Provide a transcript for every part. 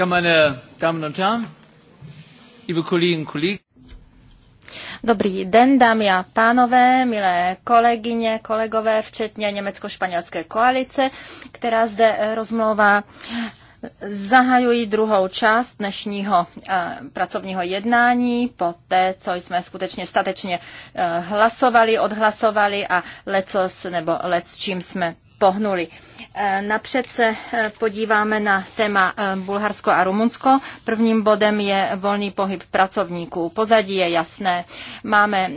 Ja, meine Damen und Herren, liebe Kolleginnen und Kollegen. Dobrý den, dámy a pánové, milé kolegyně, kolegové, včetně německo-španělské koalice, která zde eh, rozmlouvá Zahajuji druhou část dnešního eh, pracovního jednání, po té, co jsme skutečně statečně eh, hlasovali, odhlasovali a lecos nebo lec, čím jsme pohnuli. Eh, napřed se eh, podíváme na téma eh, Bulharsko a Rumunsko. Prvním bodem je volný pohyb pracovníků. Pozadí je jasné. Máme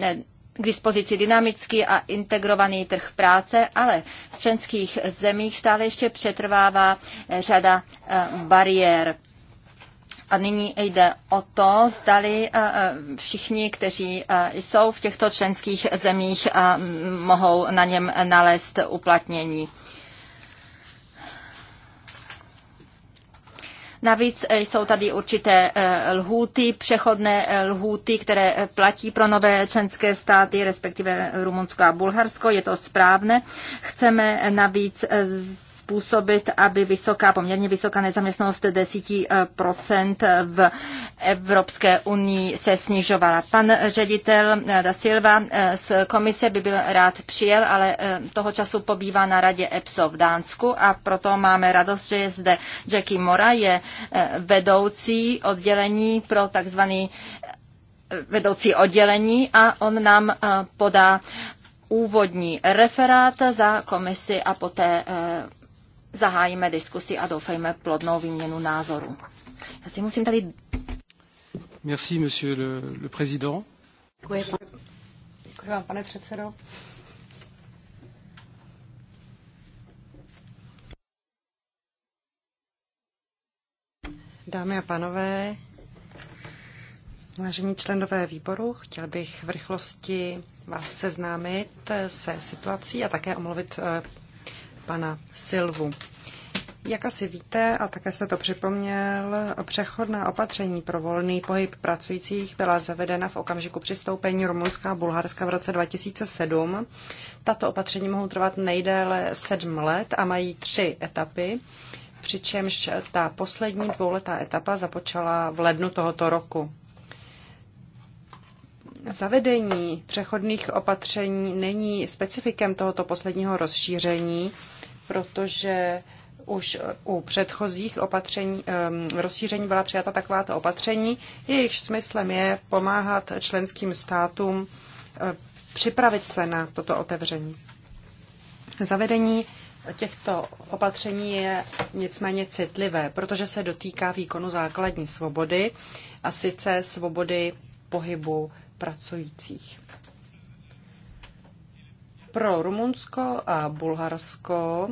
k dispozici dynamický a integrovaný trh práce, ale v členských zemích stále ještě přetrvává řada bariér a nyní jde o to, zdali eh, eh, všichni, kteří eh, jsou v těchto členských zemích, mohou na něm nalézt uplatnění. Navíc jsou tady určité lhůty, přechodné lhůty, které platí pro nové členské státy, respektive Rumunsko a Bulharsko. Je to správné. Chceme navíc způsobit, aby vysoká, poměrně vysoká nezaměstnanost 10% eh, v Evropské unii se snižovala. Pan ředitel eh, Da Silva eh, z komise by byl rád přijel, ale toho času pobývá na radě EPSO v Dánsku a proto máme radost, že je zde Jackie Mora, je vedoucí oddělení pro takzvaný vedoucí oddělení a on nám podá úvodní referát za komisi a poté zahájíme diskusi a doufejme plodnou výměnu názorů. Já si musím tady... Merci, monsieur le, le président. Děkuji, pan... Děkuji vám, pane předsedo. Dámy a pánové, vážení členové výboru, chtěl bych v rychlosti vás seznámit se situací a také omluvit eh, pana Silvu. Jak asi víte, a také jste to připomněl, přechodná opatření pro volný pohyb pracujících byla zavedena v okamžiku přistoupení rumunská a Bulharska v roce 2007. Tato opatření mohou trvat nejdéle sedm let a mají tři etapy, přičemž ta poslední dvouletá etapa započala v lednu tohoto roku. Zavedení přechodných opatření není specifikem tohoto posledního rozšíření, protože už eh, u předchozích opatření, ehm, rozšíření byla přijata takováto opatření. Jejich smyslem je pomáhat členským státům eh, připravit se na toto otevření. Zavedení těchto opatření je nicméně citlivé, protože se dotýká výkonu základní svobody a sice svobody pohybu pracujících. Pro Rumunsko a Bulharsko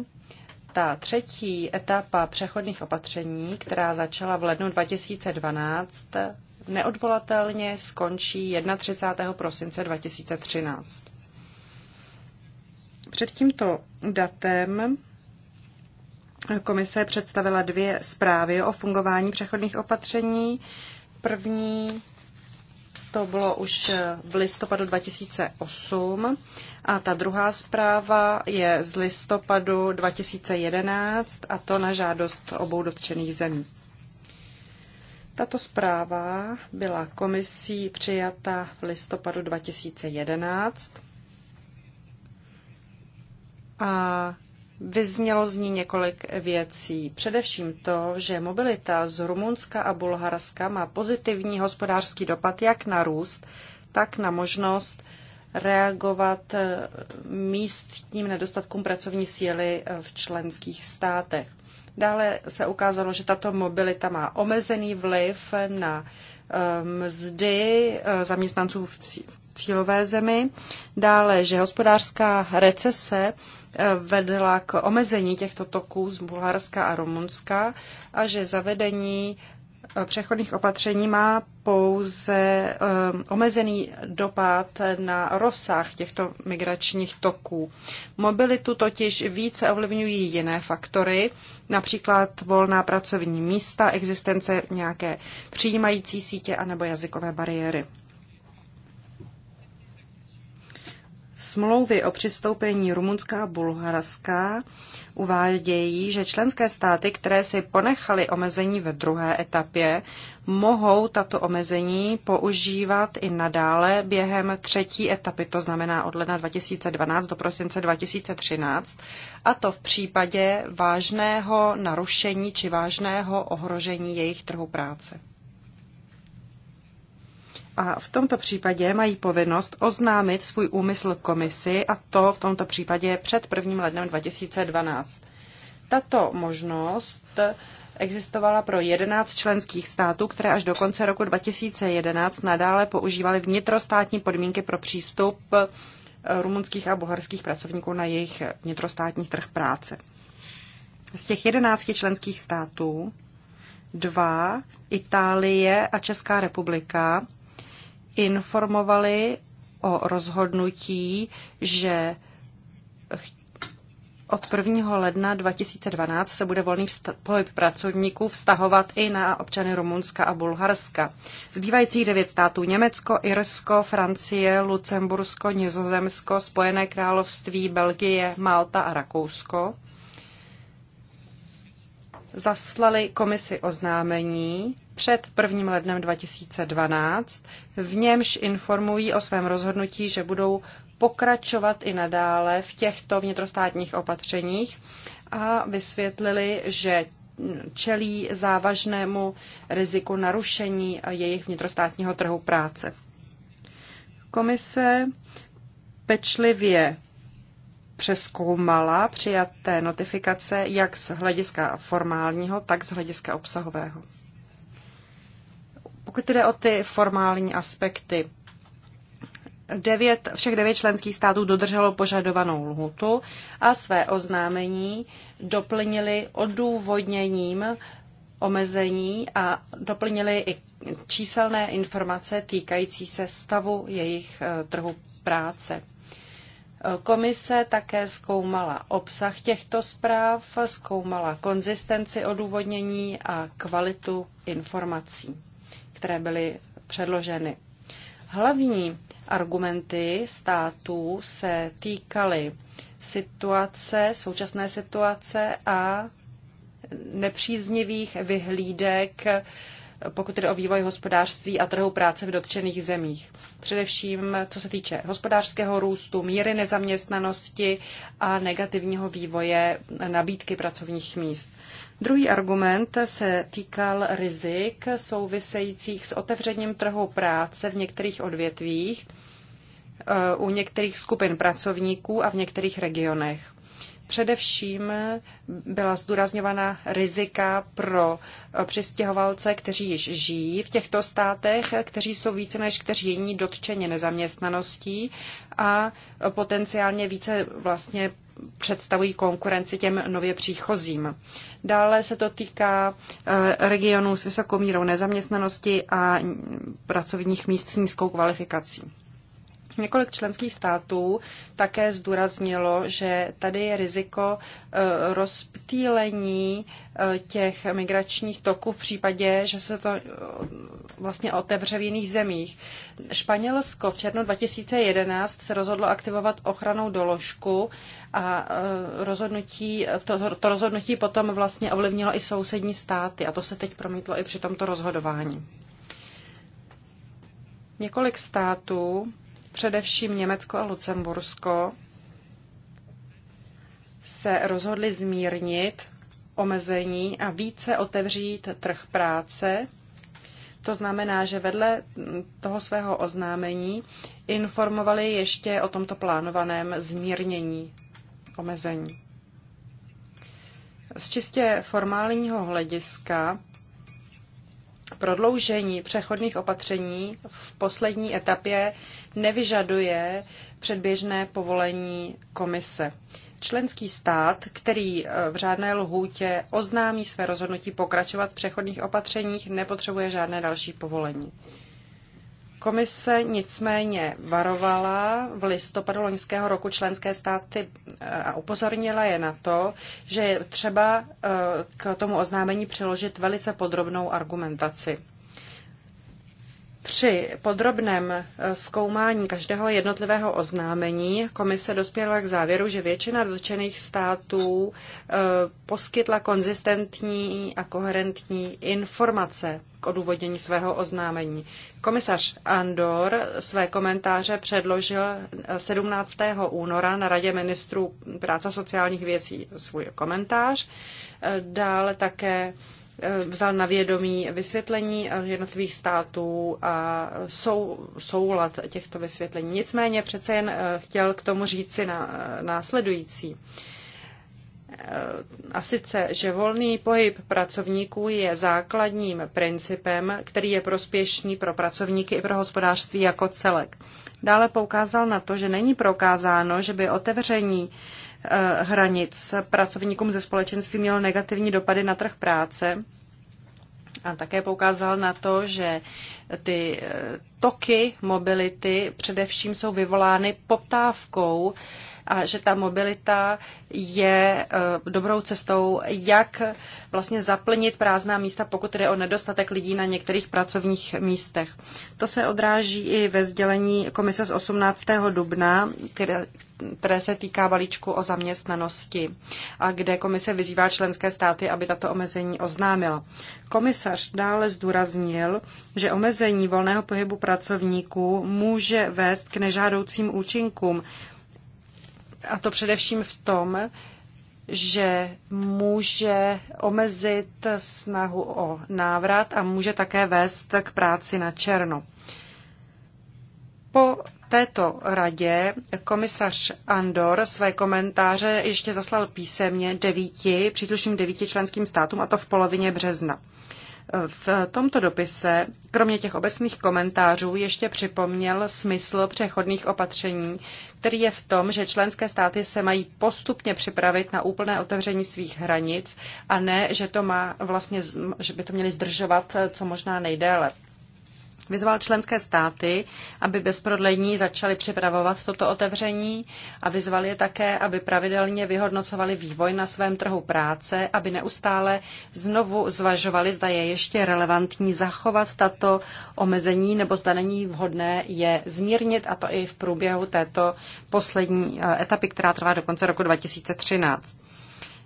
ta třetí etapa přechodných opatření, která začala v lednu 2012, neodvolatelně skončí 31. prosince 2013. Před tímto datem komise představila dvě zprávy o fungování přechodných opatření. První to bylo už v listopadu 2008 a ta druhá zpráva je z listopadu 2011 a to na žádost obou dotčených zemí. Tato zpráva byla komisí přijata v listopadu 2011 a Vyznělo z ní několik věcí. Především to, že mobilita z Rumunska a Bulharska má pozitivní hospodářský dopad jak na růst, tak na možnost reagovat eh, místním nedostatkům pracovní síly eh, v členských státech. Dále se ukázalo, že tato mobilita má omezený vliv na eh, mzdy zaměstnanců v cílové zemi. Dále, že hospodářská recese vedla k omezení těchto toků z Bulharska a Rumunska a že zavedení eh, přechodných opatření má pouze eh, omezený dopad na rozsah těchto migračních toků. Mobilitu totiž více ovlivňují jiné faktory, například volná pracovní místa, existence nějaké přijímající sítě anebo jazykové bariéry. Smlouvy o přistoupení Rumunská a Bulharská uvádějí, že členské státy, které si ponechaly omezení ve druhé etapě, mohou tato omezení používat i nadále během třetí etapy, to znamená od ledna 2012 do prosince 2013, a to v případě vážného narušení či vážného ohrožení jejich trhu práce a v tomto případě mají povinnost oznámit svůj úmysl komisi a to v tomto případě před 1. lednem 2012. Tato možnost existovala pro 11 členských států, které až do konce roku 2011 nadále používaly vnitrostátní podmínky pro přístup eh, rumunských a bulharských pracovníků na jejich vnitrostátní trh práce. Z těch 11 členských států dva, Itálie a Česká republika, informovali o rozhodnutí, že od 1. ledna 2012 se bude volný pohyb pracovníků vztahovat i na občany Rumunska a Bulharska. Zbývajících devět států Německo, Irsko, Francie, Lucembursko, Nizozemsko, Spojené království, Belgie, Malta a Rakousko zaslali komisi oznámení, před 1. lednem 2012, v němž informují o svém rozhodnutí, že budou pokračovat i nadále v těchto vnitrostátních opatřeních a vysvětlili, že čelí závažnému riziku narušení jejich vnitrostátního trhu práce. Komise pečlivě přeskoumala přijaté notifikace jak z hlediska formálního, tak z hlediska obsahového. Pokud jde o ty formální aspekty, devět, všech devět členských států dodrželo požadovanou lhutu a své oznámení doplnili odůvodněním omezení a doplnili i číselné informace týkající se stavu jejich eh, trhu práce. Komise také zkoumala obsah těchto zpráv, zkoumala konzistenci odůvodnění a kvalitu informací které byly předloženy. Hlavní argumenty států se týkaly situace, současné situace a nepříznivých vyhlídek, pokud jde o vývoj hospodářství a trhu práce v dotčených zemích. Především co se týče hospodářského růstu, míry nezaměstnanosti a negativního vývoje nabídky pracovních míst. Druhý argument se týkal rizik souvisejících s otevřením trhu práce v některých odvětvích, eh, u některých skupin pracovníků a v některých regionech. Především byla zdůrazňována rizika pro eh, přistěhovalce, kteří již žijí v těchto státech, kteří jsou více než kteří jiní dotčeni nezaměstnaností a eh, potenciálně více vlastně představují konkurenci těm nově příchozím. Dále se to týká eh, regionů s vysokou mírou nezaměstnanosti a pracovních míst s nízkou kvalifikací. Několik členských států také zdůraznilo, že tady je riziko e, rozptýlení e, těch migračních toků v případě, že se to e, vlastně otevře v jiných zemích. Španělsko v červnu 2011 se rozhodlo aktivovat ochranou doložku a rozhodnutí, to, to rozhodnutí potom vlastně ovlivnilo i sousední státy a to se teď promítlo i při tomto rozhodování. Několik států především Německo a Lucembursko, se rozhodli zmírnit omezení a více otevřít trh práce. To znamená, že vedle toho svého oznámení informovali ještě o tomto plánovaném zmírnění omezení. Z čistě formálního hlediska prodloužení přechodných opatření v poslední etapě nevyžaduje předběžné povolení komise. Členský stát, který eh, v řádné lhůtě oznámí své rozhodnutí pokračovat v přechodných opatřeních, nepotřebuje žádné další povolení. Komise nicméně varovala v listopadu loňského roku členské státy e, a upozornila je na to, že je třeba e, k tomu oznámení přiložit velice podrobnou argumentaci. Při podrobném eh, zkoumání každého jednotlivého oznámení komise dospěla k závěru, že většina dotčených států eh, poskytla konzistentní a koherentní informace k odůvodnění svého oznámení. Komisař Andor své komentáře předložil 17. Eh, února na Radě ministrů práce sociálních věcí svůj komentář. Dále také Eh, vzal na vědomí vysvětlení jednotlivých států a sou, soulad těchto vysvětlení. Nicméně přece jen eh, chtěl k tomu říci na, eh, následující. A sice, že volný pohyb pracovníků je základním principem, který je prospěšný pro pracovníky i pro hospodářství jako celek. Dále poukázal na to, že není prokázáno, že by otevření Eh, hranic pracovníkům ze společenství mělo negativní dopady na trh práce. A také poukázal na to, že ty eh, toky mobility především jsou vyvolány poptávkou a že ta mobilita je eh, dobrou cestou, jak vlastně zaplnit prázdná místa, pokud jde o nedostatek lidí na některých pracovních místech. To se odráží i ve sdělení komise z 18. dubna, které, které se týká balíčku o zaměstnanosti a kde komise vyzývá členské státy, aby tato omezení oznámila. Komisař dále zdůraznil, že omezení omezení volného pohybu pracovníků může vést k nežádoucím účinkům. A to především v tom, že může omezit snahu o návrat a může také vést k práci na černo. Po této radě komisař Andor své komentáře ještě zaslal písemně devíti, příslušným devíti členským státům, a to v polovině března. V tomto dopise, kromě těch obecných komentářů, ještě připomněl smysl přechodných opatření, který je v tom, že členské státy se mají postupně připravit na úplné otevření svých hranic a ne, že, to má vlastně, že by to měli zdržovat co možná nejdéle vyzval členské státy, aby bez prodlení začaly připravovat toto otevření a vyzval je také, aby pravidelně vyhodnocovali vývoj na svém trhu práce, aby neustále znovu zvažovali, zda je ještě relevantní zachovat tato omezení nebo zda není vhodné je zmírnit a to i v průběhu této poslední eh, etapy, která trvá do konce roku 2013.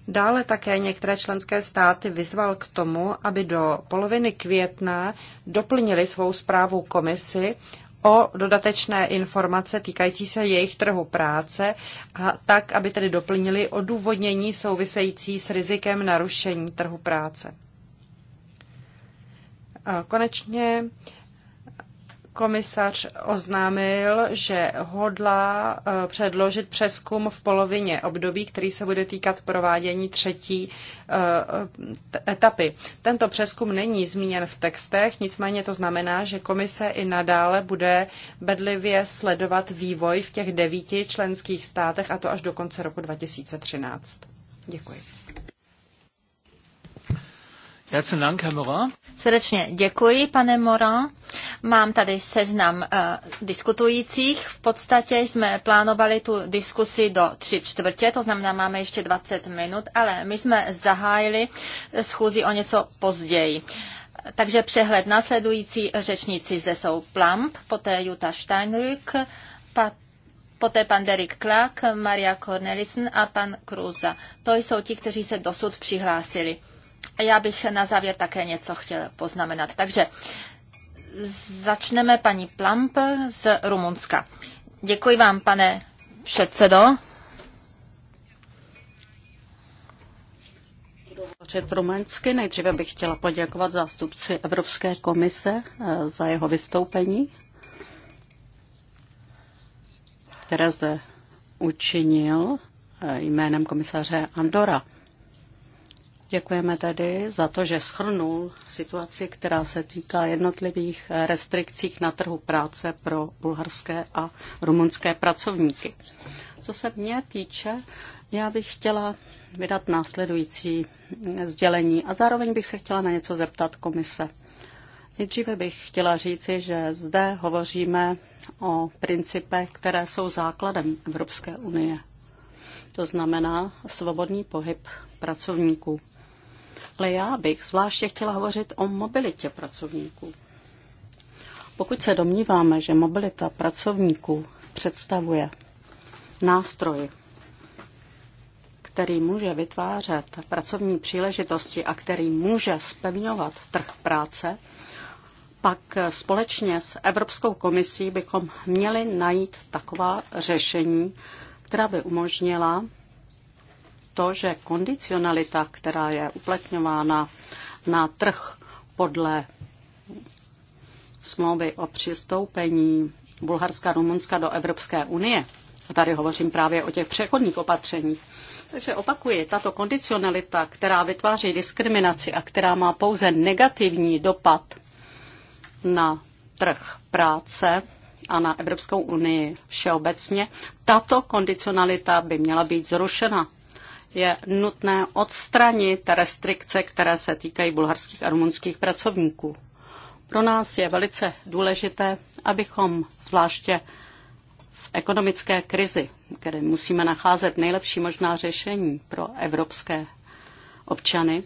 Dále také některé členské státy vyzval k tomu, aby do poloviny května doplnili svou zprávu komisi o dodatečné informace týkající se jejich trhu práce, a tak, aby tedy doplnili odůvodnění související s rizikem narušení trhu práce. A konečně komisař oznámil, že hodlá eh, předložit přeskum v polovině období, který se bude týkat provádění třetí eh, etapy. Tento přeskum není zmíněn v textech, nicméně to znamená, že komise i nadále bude bedlivě sledovat vývoj v těch devíti členských státech, a to až do konce roku 2013. Děkuji. Srdečně děkuji, pane Morin. Mám tady seznam uh, diskutujících. V podstatě jsme plánovali tu diskusi do tři čtvrtě, to znamená, máme ještě 20 minut, ale my jsme zahájili schůzi o něco později. Takže přehled následující řečníci zde jsou Plump, poté Jutta Steinrück, poté pan Derek Clark, Maria Cornelissen a pan Kruza. To jsou ti, kteří se dosud přihlásili. Já bych na závěr také něco chtěl poznamenat. Takže začneme paní Plamp z Rumunska. Děkuji vám, pane předsedo. hovořit rumunsky. Nejdříve bych chtěla poděkovat zástupci Evropské komise eh, za jeho vystoupení, které zde učinil eh, jménem komisaře Andora. Děkujeme tedy za to, že schrnul situaci, která se týká jednotlivých restrikcí na trhu práce pro bulharské a rumunské pracovníky. Co se mě týče, já bych chtěla vydat následující sdělení a zároveň bych se chtěla na něco zeptat komise. Nejdříve bych chtěla říci, že zde hovoříme o principech, které jsou základem Evropské unie. To znamená svobodný pohyb pracovníků ale já bych zvláště chtěla hovořit o mobilitě pracovníků. Pokud se domníváme, že mobilita pracovníků představuje nástroj, který může vytvářet pracovní příležitosti a který může spevňovat trh práce, pak společně s Evropskou komisí bychom měli najít taková řešení, která by umožnila to, že kondicionalita, která je uplatňována na trh podle smlouvy o přistoupení Bulharska a Rumunska do Evropské unie, a tady hovořím právě o těch přechodných opatřeních, takže opakuji, tato kondicionalita, která vytváří diskriminaci a která má pouze negativní dopad na trh práce a na Evropskou unii všeobecně, tato kondicionalita by měla být zrušena je nutné odstranit restrikce, které se týkají bulharských a rumunských pracovníků. Pro nás je velice důležité, abychom zvláště v ekonomické krizi, kde musíme nacházet nejlepší možná řešení pro evropské občany,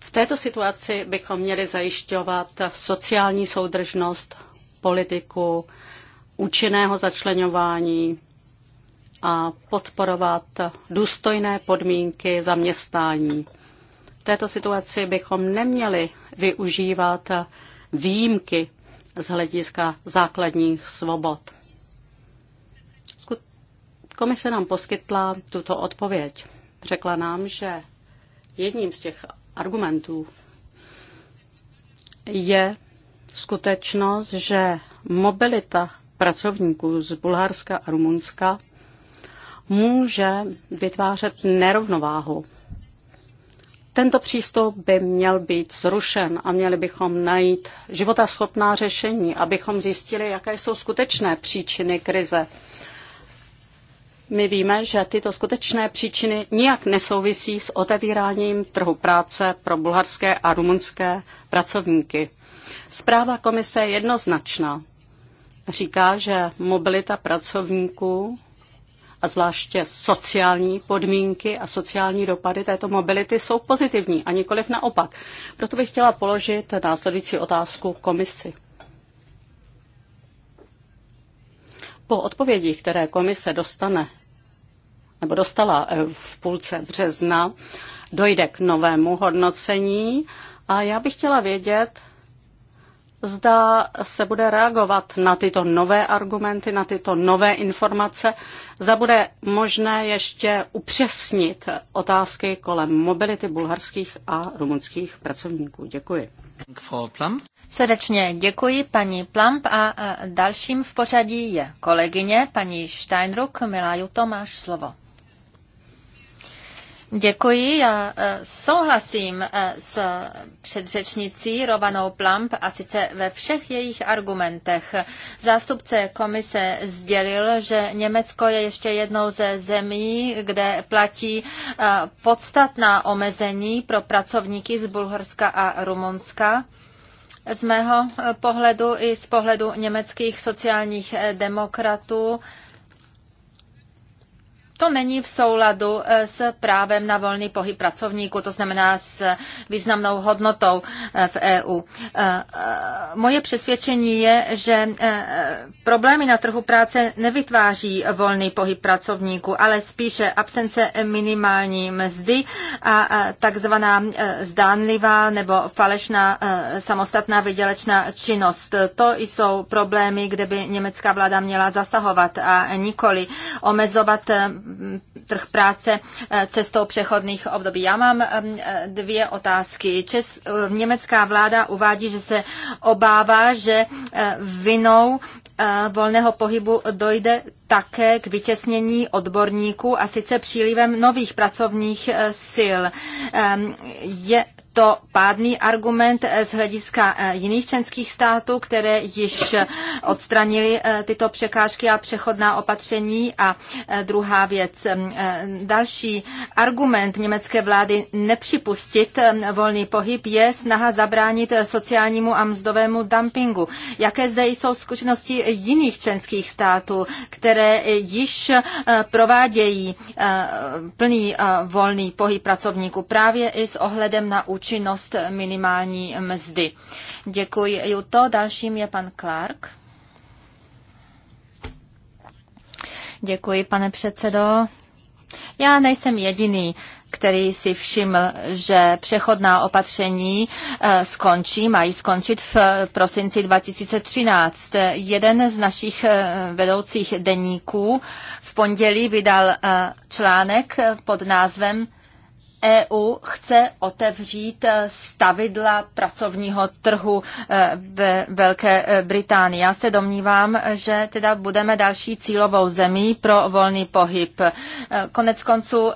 v této situaci bychom měli zajišťovat sociální soudržnost, politiku, účinného začlenování, a podporovat důstojné podmínky zaměstnání. V této situaci bychom neměli využívat výjimky z hlediska základních svobod. Komise nám poskytla tuto odpověď. Řekla nám, že jedním z těch argumentů je skutečnost, že mobilita pracovníků z Bulharska a Rumunska může vytvářet nerovnováhu. Tento přístup by měl být zrušen a měli bychom najít životaschopná řešení, abychom zjistili, jaké jsou skutečné příčiny krize. My víme, že tyto skutečné příčiny nijak nesouvisí s otevíráním trhu práce pro bulharské a rumunské pracovníky. Zpráva komise je jednoznačná. Říká, že mobilita pracovníků a zvláště sociální podmínky a sociální dopady této mobility jsou pozitivní a nikoliv naopak. Proto bych chtěla položit následující otázku komisi. Po odpovědi, které komise dostane nebo dostala eh, v půlce března, dojde k novému hodnocení a já bych chtěla vědět, zda se bude reagovat na tyto nové argumenty, na tyto nové informace, zda bude možné ještě upřesnit otázky kolem mobility bulharských a rumunských pracovníků. Děkuji. Srdečně děkuji paní Plamp a dalším v pořadí je kolegyně paní Steinruck. Milá Juto, máš slovo. Děkuji. Já eh, souhlasím eh, s předřečnicí Rovanou Plump a sice ve všech jejich argumentech. Zástupce komise sdělil, že Německo je ještě jednou ze zemí, kde platí eh, podstatná omezení pro pracovníky z Bulharska a Rumunska. Z mého pohledu i z pohledu německých sociálních demokratů to není v souladu eh, s právem na volný pohyb pracovníků, to znamená s významnou hodnotou eh, v EU. Eh, moje přesvědčení je, že problémy na trhu práce nevytváří volný pohyb pracovníků, ale spíše absence minimální mzdy a takzvaná zdánlivá nebo falešná samostatná vydělečná činnost. To jsou problémy, kde by německá vláda měla zasahovat a nikoli omezovat trh práce eh, cestou přechodných období. Já mám eh, dvě otázky. Čes, eh, německá vláda uvádí, že se obává, že vinou volného pohybu dojde také k vytěsnění odborníků a sice přílivem nových pracovních sil. Je to pádný argument z hlediska e, jiných členských států, které již odstranili e, tyto překážky a přechodná opatření. A e, druhá věc, další argument německé vlády nepřipustit volný pohyb je snaha zabránit sociálnímu a mzdovému dumpingu. Jaké zde jsou zkušenosti jiných členských států, které již provádějí plný volný pohyb pracovníků právě i s ohledem na účinnost účinnost minimální mzdy. Děkuji, Juto. Dalším je pan Clark. Děkuji, pane předsedo. Já nejsem jediný, který si všiml, že přechodná opatření eh, skončí, mají skončit v eh, prosinci 2013. Jeden z našich eh, vedoucích deníků v pondělí vydal článek pod názvem EU chce otevřít eh, stavidla pracovního trhu eh, ve Velké eh, Británii. Já se domnívám, že teda budeme další cílovou zemí pro volný pohyb. Konec konců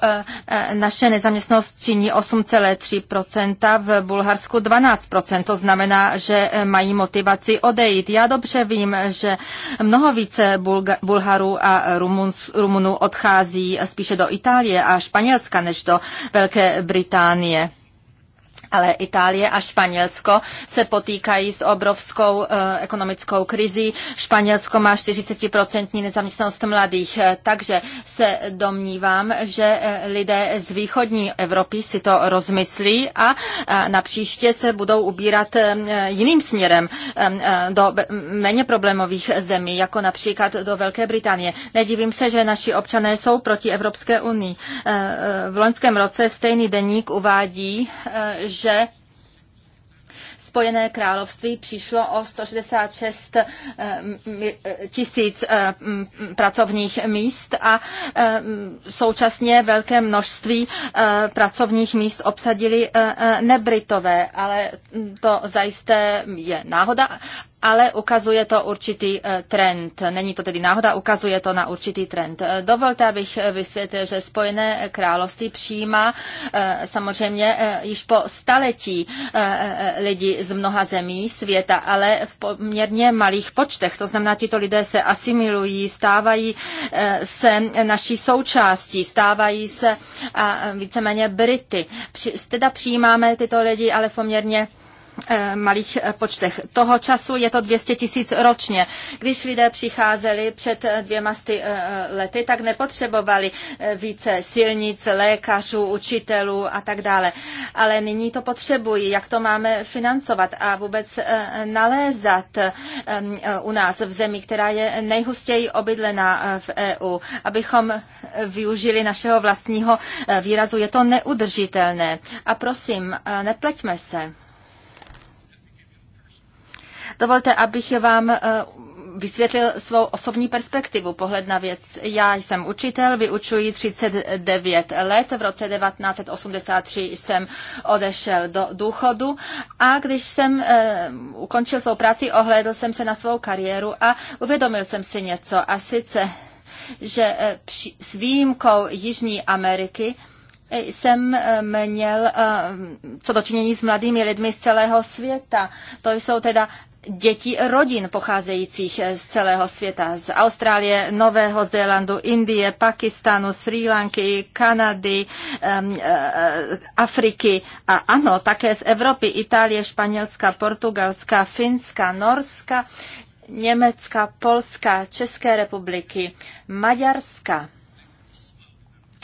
naše nezaměstnost činí 8,3%, v Bulharsku 12%. To znamená, že mají motivaci odejít. Já dobře vím, že mnoho více Bulga- Bulharů a Rumunů odchází spíše do Itálie a Španělska než do Velké Velké Británie ale Itálie a Španělsko se potýkají s obrovskou e, ekonomickou krizí. Španělsko má 40% nezaměstnanost mladých, eh, takže se domnívám, že eh, lidé z východní Evropy si to rozmyslí a na příště se budou ubírat jiným směrem do méně problémových zemí, jako například do Velké Británie. Nedivím se, že naši občané jsou proti Evropské unii. V loňském roce stejný deník uvádí, že že Spojené království přišlo o 166 eh, eh, tisíc eh, pracovních míst a současně velké množství pracovních míst obsadili nebritové, ale to zajisté je náhoda ale ukazuje to určitý eh, trend. Není to tedy náhoda, ukazuje to na určitý trend. Eh, dovolte, abych eh, vysvětlil, že Spojené království přijímá samozřejmě již po staletí lidi z mnoha zemí světa, ale v poměrně malých počtech. To znamená, tito lidé se asimilují, stávají se naší součástí, stávají se víceméně Brity. Teda přijímáme tyto lidi, ale v poměrně Eh, malých eh, počtech. Toho času je to 200 tisíc ročně. Když lidé přicházeli před eh, dvěma sty lety, tak nepotřebovali více silnic, lékařů, učitelů a tak dále. Ale nyní to potřebují, jak to máme financovat a vůbec nalézat u nás v zemi, která je nejhustěji obydlená v EU, abychom využili našeho vlastního výrazu. Je to neudržitelné. A prosím, nepleťme se. Dovolte, abych vám eh, vysvětlil svou osobní perspektivu, pohled na věc. Já jsem učitel, vyučuji 39 let, v roce 1983 jsem odešel do důchodu a když jsem e, ukončil svou práci, ohlédl jsem se na svou kariéru a uvědomil jsem si něco a sice, že eh, při, s výjimkou Jižní Ameriky jsem měl co dočinění s mladými lidmi z celého světa. To jsou teda dětí rodin pocházejících eh, z celého světa, z Austrálie, Nového Zélandu, Indie, Pakistanu, Sri Lanky, Kanady, eh, eh, Afriky a ano, také z Evropy, Itálie, Španělska, Portugalska, Finska, Norska, Německa, Polska, České republiky, Maďarska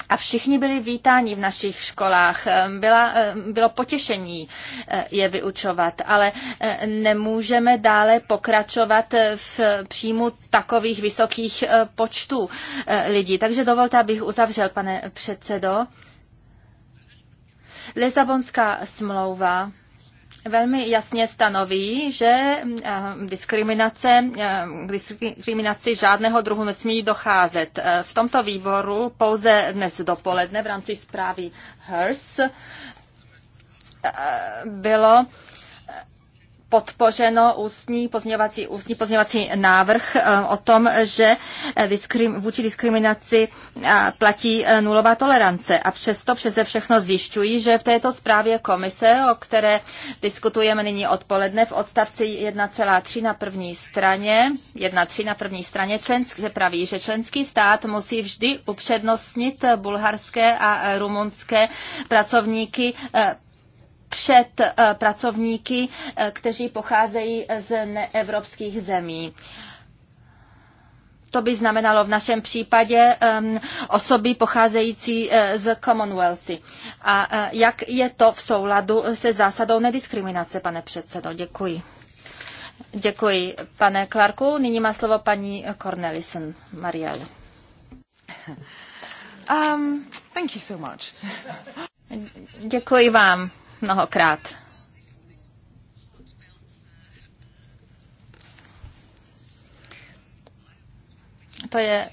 a všichni byli vítáni v našich školách. Byla, bylo potěšení eh, je vyučovat, ale eh, nemůžeme dále pokračovat v příjmu takových vysokých eh, počtů lidí. Takže dovolte, abych uzavřel, pane předsedo. Lisabonská smlouva velmi jasně stanoví, že eh, diskriminace, eh, k diskriminaci žádného druhu nesmí docházet. Eh, v tomto výboru pouze dnes dopoledne v rámci zprávy HERS bylo podpořeno ústní pozměňovací, ústní pozměňovací návrh eh, o tom, že eh, diskrim, vůči diskriminaci eh, platí nulová tolerance. A přesto přeze všechno zjišťují, že v této zprávě komise, o které diskutujeme nyní odpoledne v odstavci 1,3 na první straně, 1,3 na první straně členský, se praví, že členský stát musí vždy upřednostnit bulharské a rumunské pracovníky před eh, pracovníky, eh, kteří pocházejí z neevropských zemí. To by znamenalo v našem případě um, osoby pocházející uh, z Commonwealthy. A uh, jak je to v souladu se zásadou nediskriminace, pane předsedo? Děkuji. Děkuji, pane Clarku. Nyní má slovo paní Cornelison Marielle. Um, thank you so much. Děkuji vám mnohokrát. To je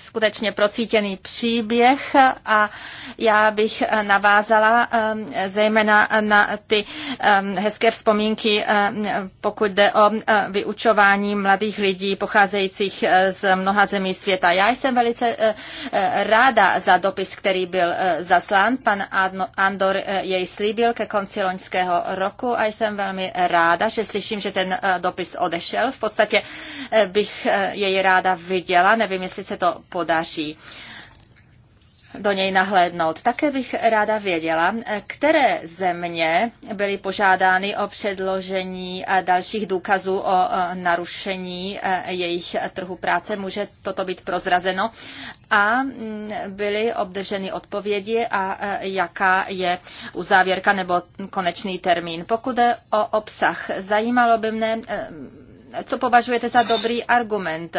skutečně procítěný příběh a já bych navázala ehm, zejména na ty ehm, hezké vzpomínky, ehm, pokud jde o eh, vyučování mladých lidí pocházejících eh, z mnoha zemí světa. Já jsem velice eh, ráda za dopis, který byl zaslán. Pan Andor jej slíbil ke konci loňského roku a jsem velmi ráda, že slyším, že ten dopis odešel. V podstatě bych jej ráda viděla, nevím, jestli se to podaří do něj nahlédnout. Také bych ráda věděla, které země byly požádány o předložení dalších důkazů o narušení e, jejich trhu práce. Může toto být prozrazeno? A mm, byly obdrženy odpovědi a e, jaká je uzávěrka nebo konečný termín. Pokud je o obsah, zajímalo by mne, e, co považujete za dobrý argument.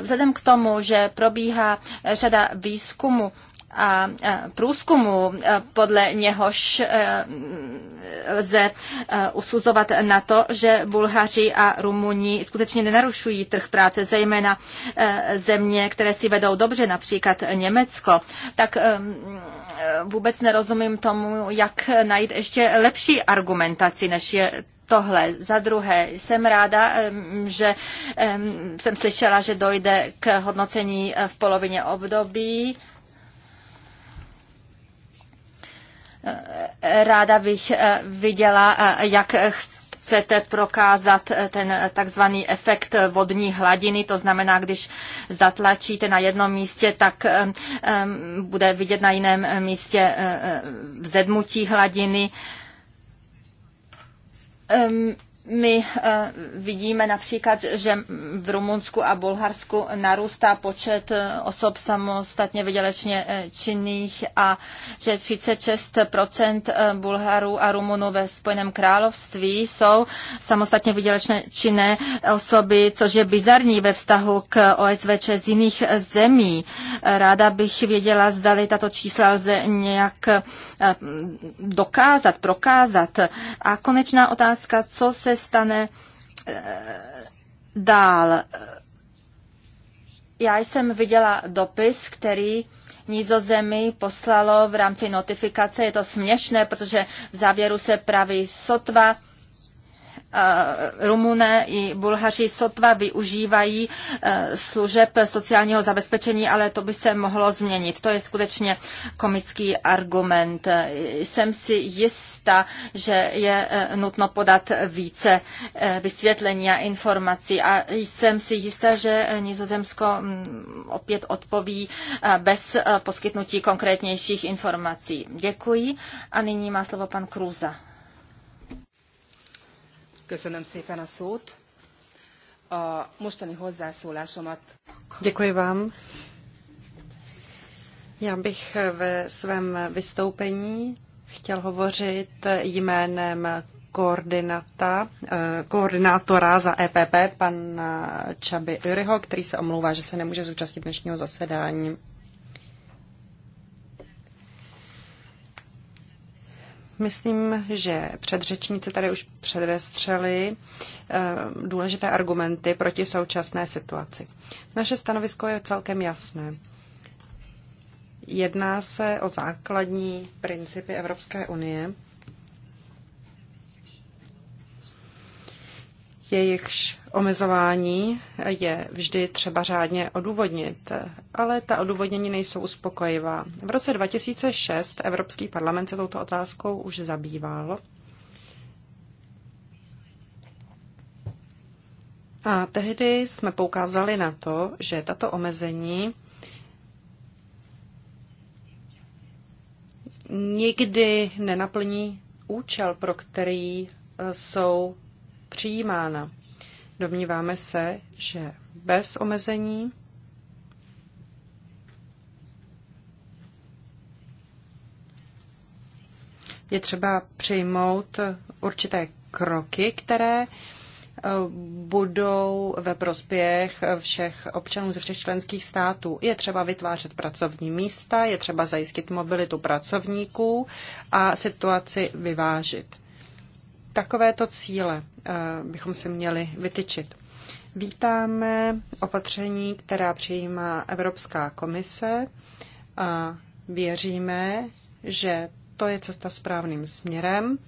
Vzhledem k tomu, že probíhá řada výzkumu a průzkumu, e, podle něhož e, lze e, usuzovat na to, že Bulhaři a Rumuni skutečně nenarušují trh práce, zejména země, které si vedou dobře, například Německo, tak vůbec nerozumím tomu, jak najít ještě lepší argumentaci, než je tohle. Za druhé, jsem ráda, že jsem slyšela, že dojde k hodnocení eh, v polovině období. Eh, ráda bych eh, viděla, jak chcete prokázat ten takzvaný efekt vodní hladiny, to znamená, když zatlačíte na jednom místě, tak bude vidět na jiném místě vzedmutí hladiny um, my eh, vidíme například, že v Rumunsku a Bulharsku narůstá počet eh, osob samostatně vydělečně eh, činných a že 36 Bulharů a Rumunů ve Spojeném království jsou samostatně vydělečně činné osoby, což je bizarní ve vztahu k OSVČ z jiných zemí. Ráda bych věděla, zdali tato čísla lze nějak dokázat, prokázat. A konečná otázka, co se stane stane eh, dál. Já jsem viděla dopis, který Nizozemí poslalo v rámci notifikace. Je to směšné, protože v závěru se praví sotva Eh, Rumuné i Bulhaři sotva využívají eh, služeb sociálního zabezpečení, ale to by se mohlo změnit. To je skutečně komický argument. Eh, jsem si jista, že je nutno podat více vysvětlení a informací a jsem si jista, že Nizozemsko mm, opět odpoví bez poskytnutí konkrétnějších informací. Děkuji a nyní má slovo pan Krůza. Köszönöm szépen a szót. A mostani hozzászólásomat... Děkuji vám. Já bych ve svém vystoupení chtěl hovořit jménem koordinata, eh, koordinátora za EPP, pan Čaby Uryho, který se omlouvá, že se nemůže zúčastnit dnešního zasedání. Myslím, že předřečníci tady už předvestřeli eh, důležité argumenty proti současné situaci. Naše stanovisko je celkem jasné. Jedná se o základní principy Evropské unie jejichž omezování je vždy třeba řádně odůvodnit, ale ta odůvodnění nejsou uspokojivá. V roce 2006 Evropský parlament se touto otázkou už zabýval. A tehdy jsme poukázali na to, že tato omezení nikdy nenaplní účel, pro který jsou přijímána. Domníváme se, že bez omezení je třeba přijmout určité kroky, které eh, budou ve prospěch všech občanů ze všech členských států. Je třeba vytvářet pracovní místa, je třeba zajistit mobilitu pracovníků a situaci vyvážit takovéto cíle eh, bychom si měli vytyčit. Vítáme opatření, která přijímá Evropská komise a věříme, že to je cesta správným směrem.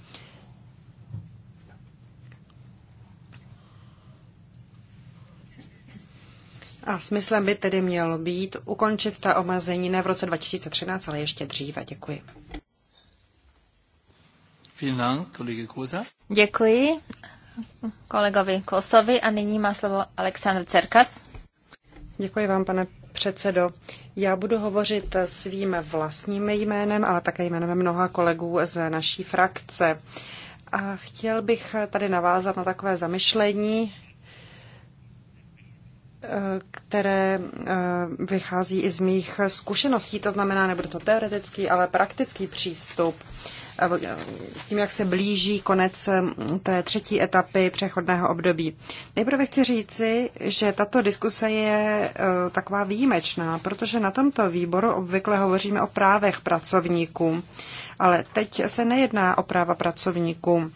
A smyslem by tedy mělo být ukončit ta omezení ne v roce 2013, ale ještě dříve. Děkuji. Děkuji kolegovi Kosovi a nyní má slovo Aleksandr Cerkas. Děkuji vám, pane předsedo. Já budu hovořit svým vlastním jménem, ale také jménem mnoha kolegů z naší frakce. A chtěl bych tady navázat na takové zamyšlení, které eh, vychází i z mých zkušeností, to znamená, nebude to teoretický, ale praktický přístup. Eh, tím, jak se blíží konec eh, té třetí etapy přechodného období. Nejprve chci říci, že tato diskuse je taková výjimečná, protože na tomto výboru obvykle hovoříme o právech pracovníků, ale teď se nejedná o práva pracovníků.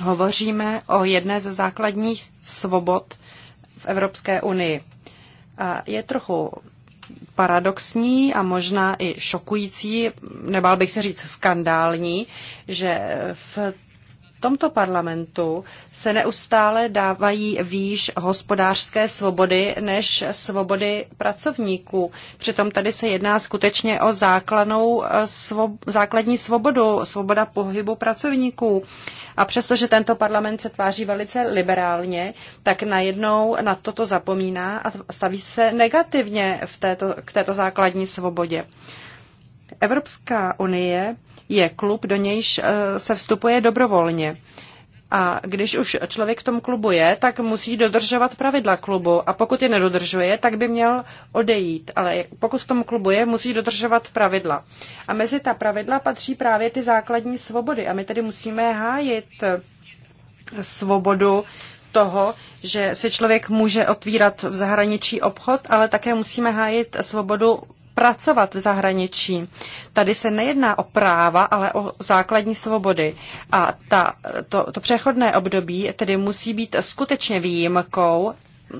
Hovoříme o jedné ze základních svobod, v Evropské unii. A je trochu paradoxní a možná i šokující, nebál bych se říct skandální, že v tomto parlamentu se neustále dávají výš hospodářské svobody než svobody pracovníků. Přitom tady se jedná skutečně o základnou, eh, svob, základní svobodu, svoboda pohybu pracovníků. A přestože tento parlament se tváří velice liberálně, tak najednou na toto zapomíná a staví se negativně v této, k této základní svobodě. Evropská unie je klub, do nějž eh, se vstupuje dobrovolně. A když už člověk v tom klubu je, tak musí dodržovat pravidla klubu. A pokud je nedodržuje, tak by měl odejít. Ale pokud v tom klubu je, musí dodržovat pravidla. A mezi ta pravidla patří právě ty základní svobody. A my tedy musíme hájit eh, svobodu toho, že se člověk může otvírat v zahraničí obchod, ale také musíme hájit svobodu pracovat v zahraničí. Tady se nejedná o práva, ale o základní svobody. A ta, to, to přechodné období tedy musí být skutečně výjimkou,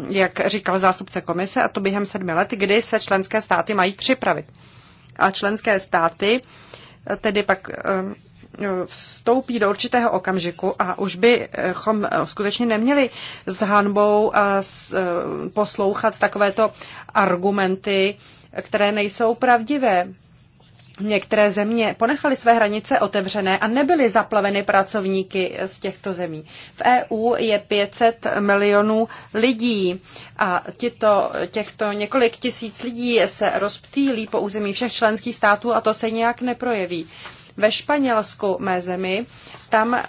jak říkal zástupce komise, a to během sedmi let, kdy se členské státy mají připravit. A členské státy tedy pak eh, vstoupí do určitého okamžiku a už bychom skutečně neměli s hanbou eh, eh, poslouchat takovéto argumenty které nejsou pravdivé. Některé země ponechaly své hranice otevřené a nebyly zaplaveny pracovníky z těchto zemí. V EU je 500 milionů lidí a tito, těchto několik tisíc lidí se rozptýlí po území všech členských států a to se nějak neprojeví. Ve Španělsku, mé zemi, tam eh,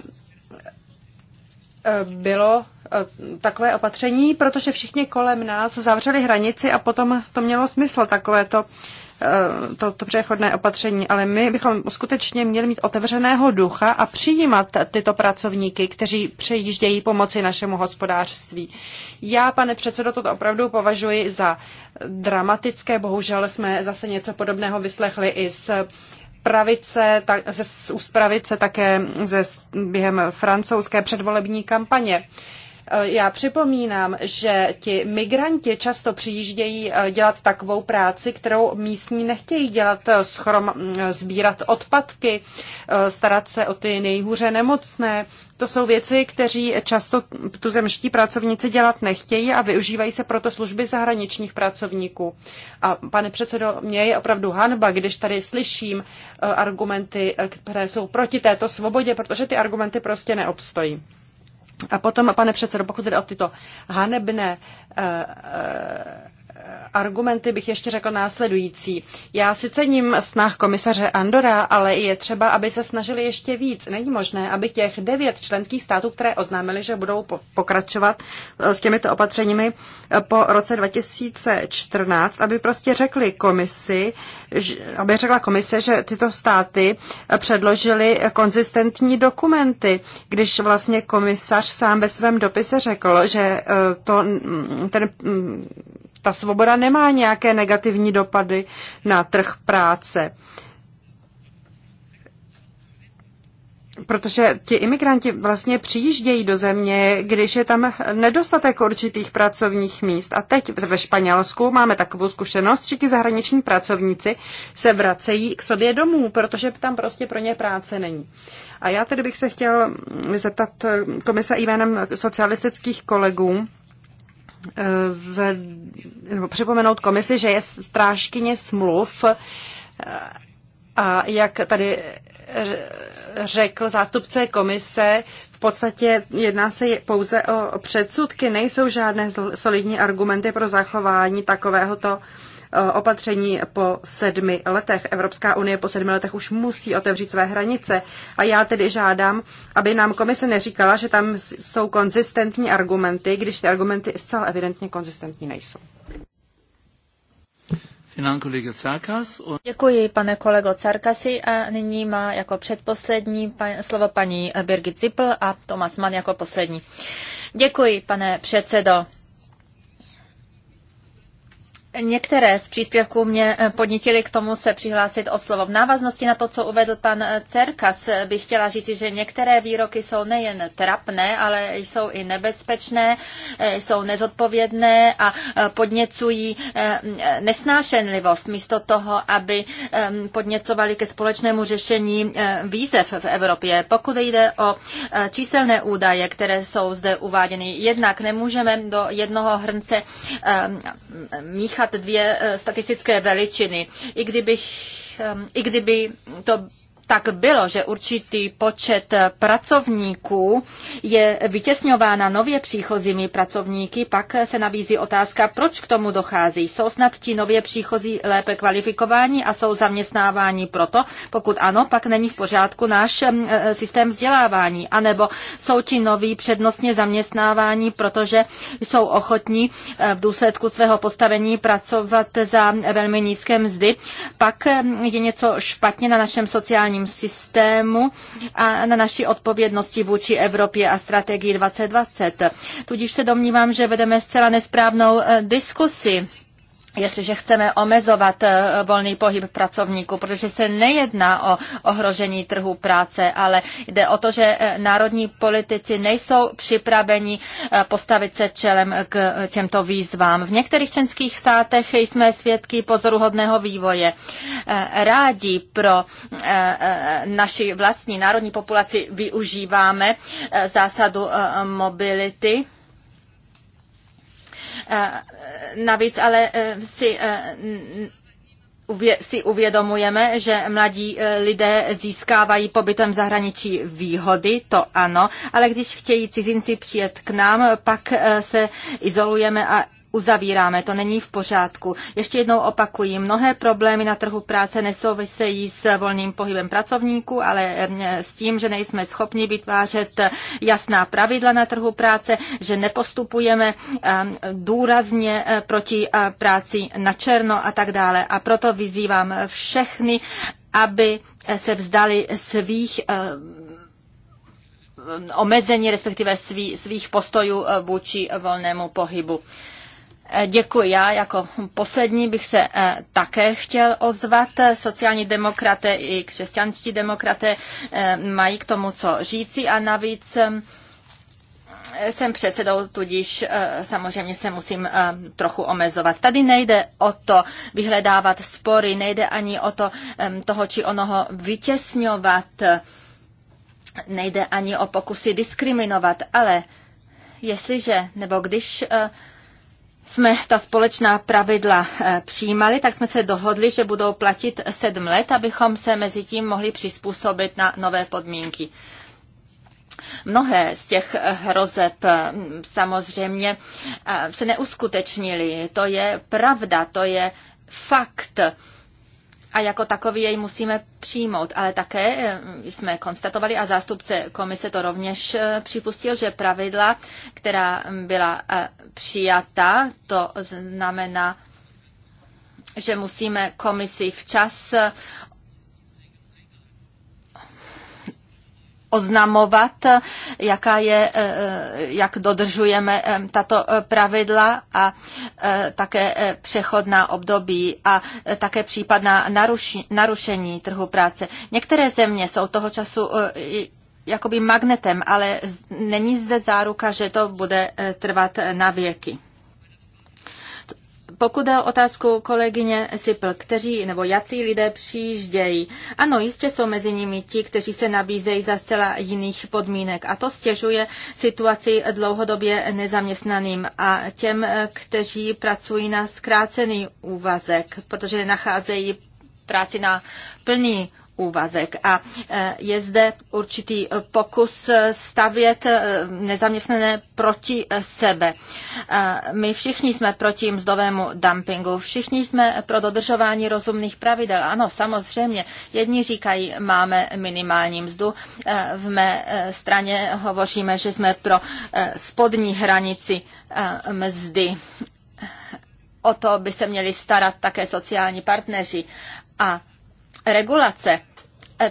bylo Eh, takové opatření, protože všichni kolem nás zavřeli hranici a potom to mělo smysl, takové to, eh, to, to přechodné opatření. Ale my bychom skutečně měli mít otevřeného ducha a přijímat tyto pracovníky, kteří přejíždějí pomoci našemu hospodářství. Já, pane předsedo, toto opravdu považuji za dramatické. Bohužel jsme zase něco podobného vyslechli i z pravice, tak, ze, z úspravice také ze, během francouzské předvolební kampaně. Uh, Eh, já připomínám, že ti migranti často přijíždějí eh, dělat takovou práci, kterou místní nechtějí dělat, eh, schrom, mm, sbírat odpadky, starat se o ty nejhůře nemocné. To jsou věci, kteří často tu zemští pracovníci dělat nechtějí a využívají se proto služby zahraničních pracovníků. A pane předsedo, mě je opravdu hanba, když tady slyším argumenty, které jsou proti této svobodě, protože ty argumenty prostě neobstojí. A potom, pane předsedo, pokud jde o tyto hanebné eh, eh, argumenty bych ještě řekl následující. Já si cením snah komisaře Andora, ale je třeba, aby se snažili ještě víc. Není možné, aby těch devět členských států, které oznámili, že budou pokračovat eh, s těmito opatřeními eh, po roce 2014, aby prostě řekli komisi, aby řekla komise, že tyto státy eh, předložili konzistentní dokumenty, když vlastně komisař sám ve svém dopise řekl, že to, ten ta svoboda nemá nějaké negativní dopady na trh práce. Protože ti imigranti vlastně přijíždějí do země, když je tam nedostatek určitých pracovních míst. A teď ve Španělsku máme takovou zkušenost, že ti zahraniční pracovníci se vracejí k sobě domů, protože tam prostě pro ně práce není. A já tedy bych se chtěl zeptat komise jménem socialistických kolegů, z, nebo připomenout komisi, že je strážkyně smluv eh, a jak tady řekl zástupce komise, v podstatě jedná se pouze o předsudky, nejsou žádné solidní argumenty pro zachování takovéhoto Eh, opatření po sedmi letech. Evropská unie po sedmi letech už musí otevřít své hranice. A já tedy žádám, aby nám komise neříkala, že tam jsou konzistentní argumenty, když ty argumenty zcela evidentně konzistentní nejsou. Děkuji, pane kolego Carkasi. A nyní má jako předposlední slovo paní Birgit Zippel a Tomas Mann jako poslední. Děkuji, pane předsedo. Některé z příspěvků mě eh, podnítily k tomu se přihlásit o slovo. V návaznosti na to, co uvedl pan eh, Cerkas, eh, bych chtěla říct, že některé výroky jsou nejen trapné, ale jsou i nebezpečné, jsou nezodpovědné a podněcují nesnášenlivost místo toho, aby podněcovali ke společnému řešení výzev v Evropě. Pokud jde o číselné údaje, které jsou zde uváděny, jednak nemůžeme do jednoho hrnce míchat ponechat dvě eh, statistické veličiny, i, kdybych, ehm, i kdyby to tak bylo, že určitý počet pracovníků je vytěsňována nově příchozími pracovníky, pak se nabízí otázka, proč k tomu dochází. Jsou snad ti nově příchozí lépe kvalifikováni a jsou zaměstnáváni proto? Pokud ano, pak není v pořádku náš eh, systém vzdělávání. A nebo jsou ti noví přednostně zaměstnávání, protože jsou ochotní eh, v důsledku svého postavení pracovat za velmi nízké mzdy. Pak eh, je něco špatně na našem sociálním globálním systému a na naší odpovědnosti vůči Evropě a strategii 2020. Tudíž se domnívám, že vedeme zcela nesprávnou eh, diskusi jestliže chceme omezovat eh, volný pohyb pracovníků, protože se nejedná o ohrožení trhu práce, ale jde o to, že eh, národní politici nejsou připraveni eh, postavit se čelem k těmto výzvám. V některých členských státech jsme svědky pozoruhodného vývoje. Rádi pro naši vlastní národní populaci využíváme zásadu mobility, Eh, navíc ale eh, si eh, si uvědomujeme, že mladí lidé získávají pobytem v zahraničí výhody, to ano, ale když chtějí cizinci přijet k nám, pak se izolujeme a uzavíráme, to není v pořádku. Ještě jednou opakuji, mnohé problémy na trhu práce nesouvisejí s volným pohybem pracovníků, ale s tím, že nejsme schopni vytvářet jasná pravidla na trhu práce, že nepostupujeme důrazně eh, proti eh, práci na černo a tak dále. A proto vyzývám všechny, aby eh, se vzdali svých omezení, respektive svých postojů vůči volnému pohybu. Eh, děkuji. Já jako poslední bych se eh, také chtěl ozvat. Sociální demokraté i křesťanští demokraté eh, mají k tomu co říci a navíc jsem předsedou, tudíž samozřejmě se musím trochu omezovat. Tady nejde o to vyhledávat spory, nejde ani o to toho či onoho vytěsňovat, nejde ani o pokusy diskriminovat, ale jestliže nebo když jsme ta společná pravidla eh, přijímali, tak jsme se dohodli, že budou platit sedm let, abychom se mezi tím mohli přizpůsobit na nové podmínky. Mnohé z těch eh, hrozeb mm, samozřejmě eh, se neuskutečnily. To je pravda, to je fakt a jako takový jej musíme přijmout. Ale také eh, jsme konstatovali, a zástupce komise to rovněž eh, připustil, že pravidla, která mm, byla eh, přijata, to znamená, že musíme komisi včas oznamovat, jaká je, eh, eh, jak dodržujeme eh, tato pravidla a také přechodná období a také případná narušení trhu práce. Některé země jsou toho času jakoby magnetem, ale není zde záruka, že to bude trvat na věky. Pokud jde o otázku kolegyně Sipl, kteří nebo jací lidé přijíždějí, ano, jistě jsou mezi nimi ti, kteří se nabízejí za zcela jiných podmínek a to stěžuje situaci dlouhodobě nezaměstnaným a těm, kteří pracují na zkrácený úvazek, protože nacházejí práci na plný úvazek. A e, je zde určitý pokus stavět e, nezaměstnané proti e, sebe. My všichni jsme proti mzdovému dumpingu, všichni jsme pro dodržování rozumných pravidel. Ano, samozřejmě, jedni říkají, máme minimální mzdu, v mé straně hovoříme, že jsme pro spodní hranici mzdy. O to by se měli starat také sociální partneři. A regulace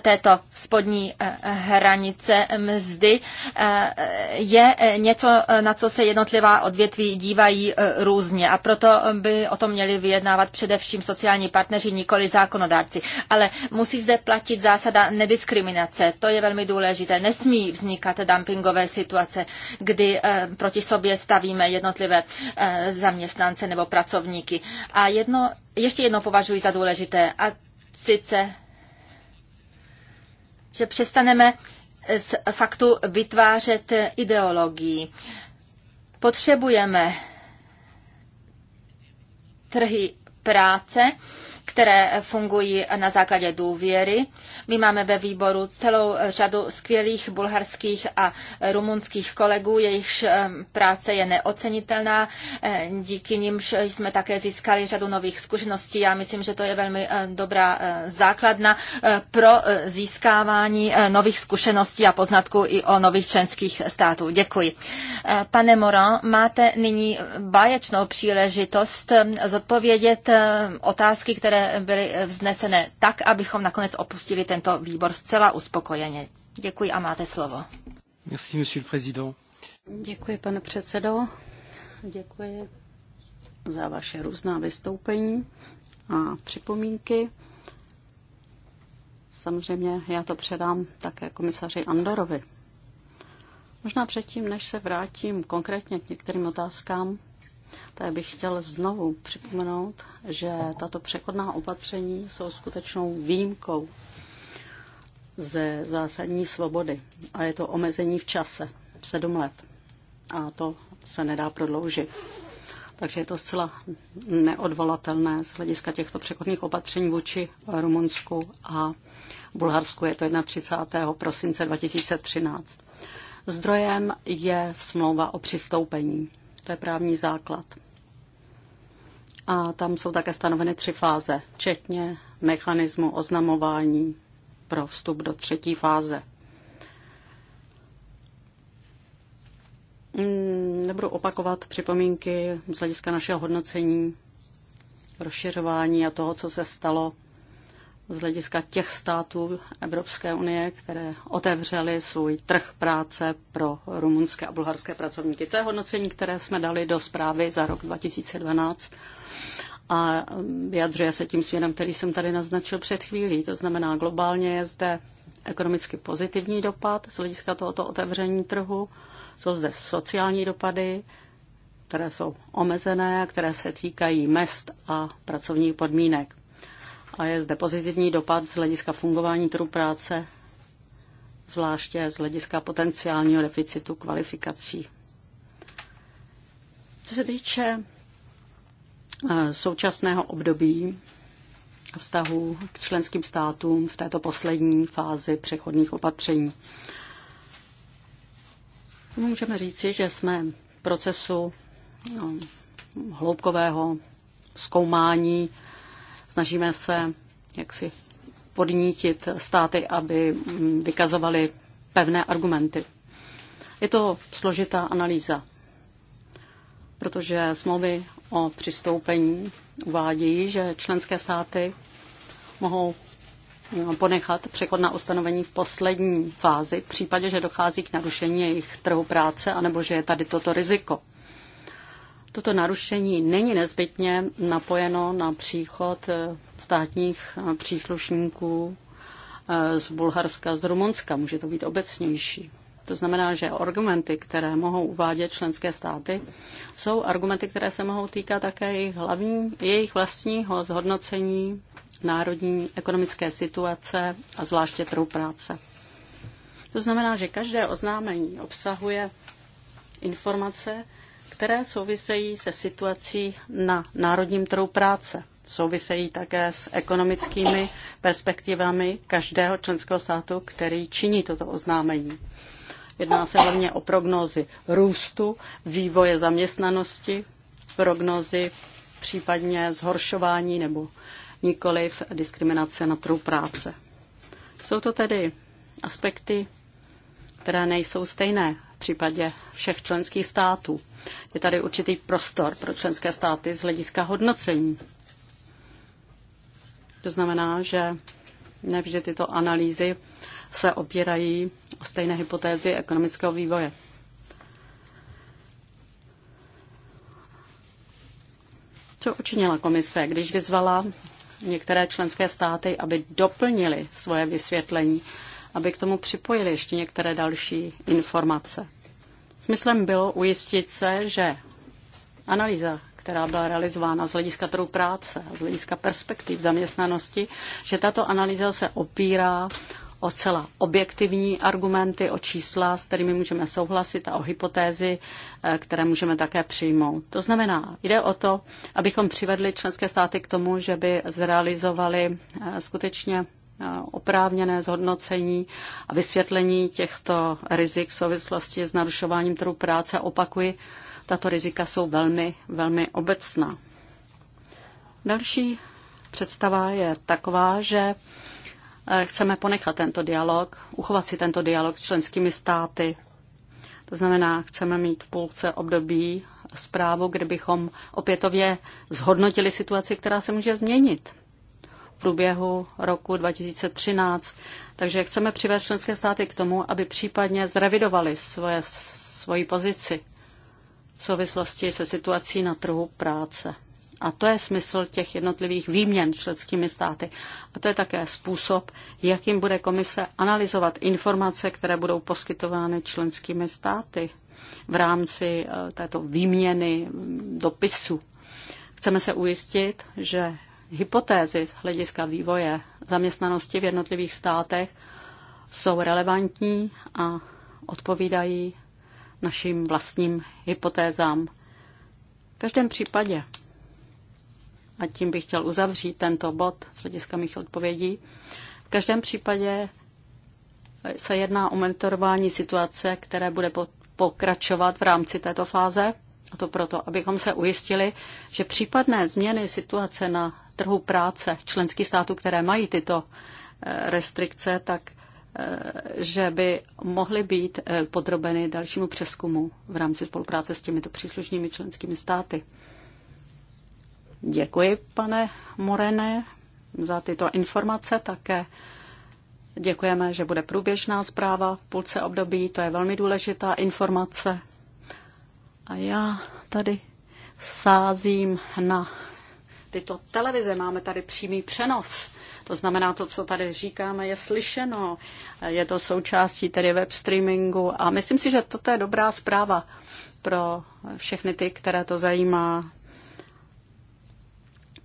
této spodní eh, hranice mzdy eh, je eh, něco, na co se jednotlivá odvětví dívají různě a proto by o tom měli vyjednávat především sociální partneři, nikoli zákonodárci. Ale musí zde platit zásada nediskriminace. To je velmi důležité. Nesmí vznikat dumpingové situace, kdy proti sobě stavíme jednotlivé zaměstnance nebo pracovníky. A jedno, ještě jedno považuji za důležité, a sice že přestaneme z faktu vytvářet ideologii. Potřebujeme trhy práce, které fungují na základě důvěry. My máme ve výboru celou řadu skvělých bulharských a rumunských kolegů, jejichž eh, práce je neocenitelná. Eh, díky nimž jsme také získali řadu nových zkušeností. Já myslím, že to je velmi eh, dobrá základna pro získávání nových zkušeností a poznatků i o nových členských států. Děkuji. Pane Moran, máte nyní báječnou příležitost zodpovědět otázky, které byly vznesené tak, abychom nakonec opustili tento výbor zcela uspokojeně. Děkuji a máte slovo. Merci, monsieur le président. Děkuji, pane předsedo. Děkuji za vaše různá vystoupení a připomínky. Samozřejmě já to předám také komisaři Andorovi. Možná předtím, než se vrátím konkrétně k některým otázkám, Tady bych chtěl znovu připomenout, že tato přechodná opatření jsou skutečnou výjimkou ze zásadní svobody a je to omezení v čase, sedm let. A to se nedá prodloužit. Takže je to zcela neodvolatelné z hlediska těchto přechodných opatření vůči Rumunsku a Bulharsku. Je to 31. prosince 2013. Zdrojem je smlouva o přistoupení to je právní základ. A tam jsou také stanoveny tři fáze, včetně mechanismu oznamování pro vstup do třetí fáze. Hmm, nebudu opakovat připomínky z hlediska našeho hodnocení, rozšiřování a toho, co se stalo z hlediska těch států Evropské unie, které otevřely svůj trh práce pro rumunské a bulharské pracovníky. To je hodnocení, které jsme dali do zprávy za rok 2012 a vyjadřuje se tím směrem, který jsem tady naznačil před chvílí. To znamená, globálně je zde ekonomicky pozitivní dopad z hlediska tohoto otevření trhu, jsou zde sociální dopady, které jsou omezené, které se týkají mest a pracovních podmínek a je zde pozitivní dopad z hlediska fungování trhu práce, zvláště z hlediska potenciálního deficitu kvalifikací. Co se týče eh, současného období vztahu k členským státům v této poslední fázi přechodných opatření. Můžeme říci, že jsme v procesu no, hloubkového zkoumání Snažíme se jaksi podnítit státy, aby vykazovali pevné argumenty. Je to složitá analýza, protože smlouvy o přistoupení uvádějí, že členské státy mohou ponechat na ustanovení v poslední fázi v případě, že dochází k narušení jejich trhu práce anebo že je tady toto riziko. Toto narušení není nezbytně napojeno na příchod eh, státních eh, příslušníků eh, z Bulharska, z Rumunska. Může to být obecnější. To znamená, že argumenty, které mohou uvádět členské státy, jsou argumenty, které se mohou týkat také jejich, hlavní, jejich vlastního zhodnocení národní ekonomické situace a zvláště trhu práce. To znamená, že každé oznámení obsahuje informace, které souvisejí se situací na národním trhu práce. Souvisejí také s ekonomickými perspektivami každého členského státu, který činí toto oznámení. Jedná se hlavně o prognózy růstu, vývoje zaměstnanosti, prognózy případně zhoršování nebo nikoliv diskriminace na trhu práce. Jsou to tedy aspekty, které nejsou stejné v případě všech členských států. Je tady určitý prostor pro členské státy z hlediska hodnocení. To znamená, že nevždy tyto analýzy se opírají o stejné hypotézy ekonomického vývoje. Co učinila komise, když vyzvala některé členské státy, aby doplnili svoje vysvětlení, aby k tomu připojili ještě některé další informace? Smyslem bylo ujistit se, že analýza, která byla realizována z hlediska trhu práce a z hlediska perspektiv zaměstnanosti, že tato analýza se opírá o celá objektivní argumenty, o čísla, s kterými můžeme souhlasit a o hypotézy, eh, které můžeme také přijmout. To znamená, jde o to, abychom přivedli členské státy k tomu, že by zrealizovali eh, skutečně Eh, oprávněné zhodnocení a vysvětlení těchto rizik v souvislosti s narušováním trhu práce. Opakuji, tato rizika jsou velmi, velmi obecná. Další představa je taková, že eh, chceme ponechat tento dialog, uchovat si tento dialog s členskými státy. To znamená, chceme mít v půlce období zprávu, kde bychom opětově zhodnotili situaci, která se může změnit v průběhu roku 2013. Takže chceme přivést členské státy k tomu, aby případně zrevidovali svoje, svoji pozici v souvislosti se situací na trhu práce. A to je smysl těch jednotlivých výměn členskými státy. A to je také způsob, jakým bude komise analyzovat informace, které budou poskytovány členskými státy v rámci eh, této výměny mm, dopisu. Chceme se ujistit, že hypotézy z hlediska vývoje zaměstnanosti v jednotlivých státech jsou relevantní a odpovídají našim vlastním hypotézám. V každém případě, a tím bych chtěl uzavřít tento bod z hlediska mých odpovědí, v každém případě se jedná o monitorování situace, které bude pokračovat v rámci této fáze. A to proto, abychom se ujistili, že případné změny situace na trhu práce členských států, které mají tyto eh, restrikce, tak eh, že by mohly být eh, podrobeny dalšímu přeskumu v rámci spolupráce s těmito příslušnými členskými státy. Děkuji, pane Morene, za tyto informace také. Děkujeme, že bude průběžná zpráva v půlce období, to je velmi důležitá informace. A já tady sázím na tyto televize, máme tady přímý přenos. To znamená, to, co tady říkáme, je slyšeno, je to součástí tedy web streamingu a myslím si, že toto je dobrá zpráva pro všechny ty, které to zajímá.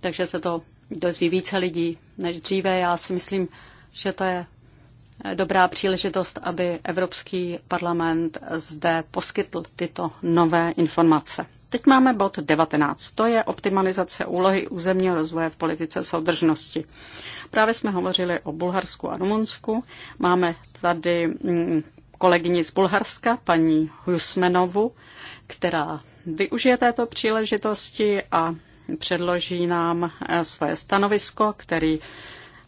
Takže se to dozví více lidí než dříve. Já si myslím, že to je dobrá příležitost, aby Evropský parlament zde poskytl tyto nové informace. Teď máme bod 19, to je optimalizace úlohy územního rozvoje v politice soudržnosti. Právě jsme hovořili o Bulharsku a Rumunsku. Máme tady mm, kolegyni z Bulharska, paní Husmenovu, která využije této příležitosti a předloží nám eh, svoje stanovisko, který,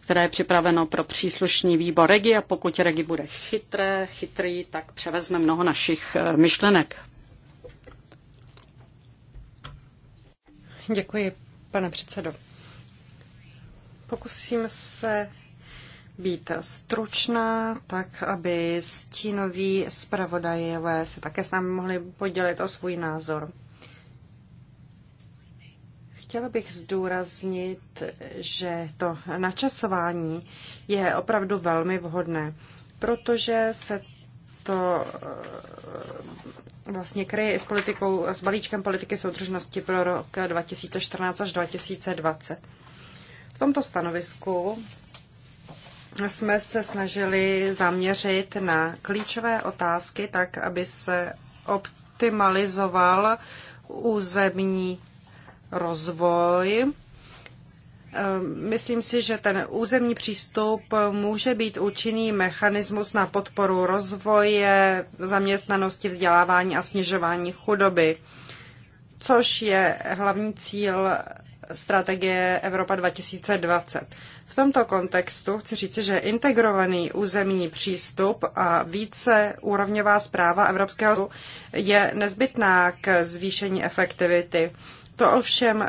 které je připraveno pro příslušný výbor regi a pokud regi bude chytré, chytrý, tak převezme mnoho našich eh, myšlenek. Děkuji, pane předsedo. Pokusím se být stručná, tak aby stínoví zpravodajové se také s námi mohli podělit o svůj názor. Chtěla bych zdůraznit, že to načasování je opravdu velmi vhodné, protože se to vlastně kryje i s, politikou, s balíčkem politiky soudržnosti pro rok 2014 až 2020. V tomto stanovisku jsme se snažili zaměřit na klíčové otázky tak, aby se optimalizoval územní rozvoj Ehm, myslím si, že ten územní přístup může být účinný mechanismus na podporu rozvoje, zaměstnanosti, vzdělávání a snižování chudoby, což je hlavní cíl strategie Evropa 2020. V tomto kontextu chci říci, že integrovaný územní přístup a více úrovňová zpráva Evropského je nezbytná k zvýšení efektivity. To ovšem eh,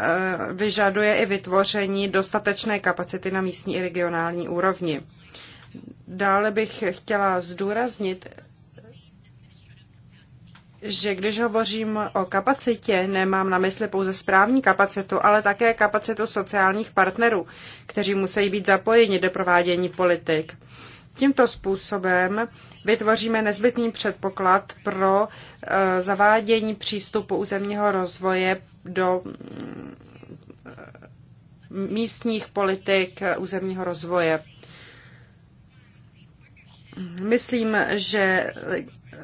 vyžaduje i vytvoření dostatečné kapacity na místní i regionální úrovni. Dále bych chtěla zdůraznit, že když hovořím o kapacitě, nemám na mysli pouze správní kapacitu, ale také kapacitu sociálních partnerů, kteří musí být zapojeni do provádění politik. Tímto způsobem vytvoříme nezbytný předpoklad pro eh, zavádění přístupu územního rozvoje do mm, místních politik územního rozvoje. Myslím, že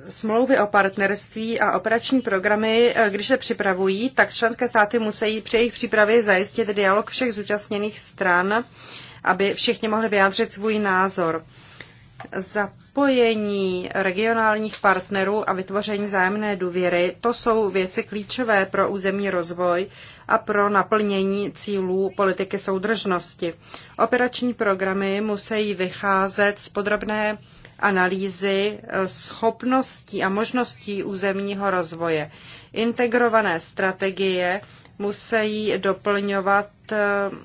smlouvy o partnerství a operační programy, eh, když se připravují, tak členské státy musí při jejich přípravě zajistit dialog všech zúčastněných stran, aby všichni mohli vyjádřit svůj názor. Za zapojení regionálních partnerů a vytvoření zájemné důvěry, to jsou věci klíčové pro územní rozvoj a pro naplnění cílů politiky soudržnosti. Operační programy musí vycházet z podrobné analýzy eh, schopností a možností územního rozvoje. Integrované strategie musí doplňovat um,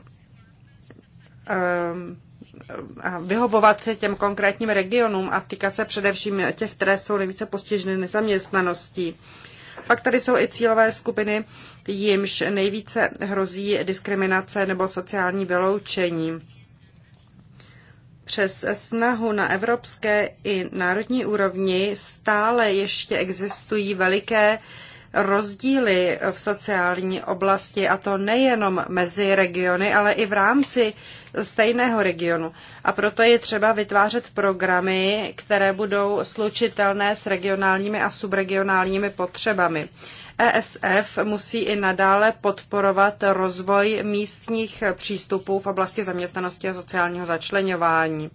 vyhovovat těm konkrétním regionům a týkat se především těch, které jsou nejvíce postiženy nezaměstnaností. Pak tady jsou i cílové skupiny, jimž nejvíce hrozí diskriminace nebo sociální vyloučení. Přes snahu na evropské i národní úrovni stále ještě existují veliké uh, rozdíly v sociální oblasti, a to nejenom mezi regiony, ale i v rámci stejného regionu. A proto je třeba vytvářet programy, které budou slučitelné s regionálními a subregionálními potřebami. ESF musí i nadále podporovat rozvoj místních přístupů v oblasti zaměstnanosti a sociálního začlenování.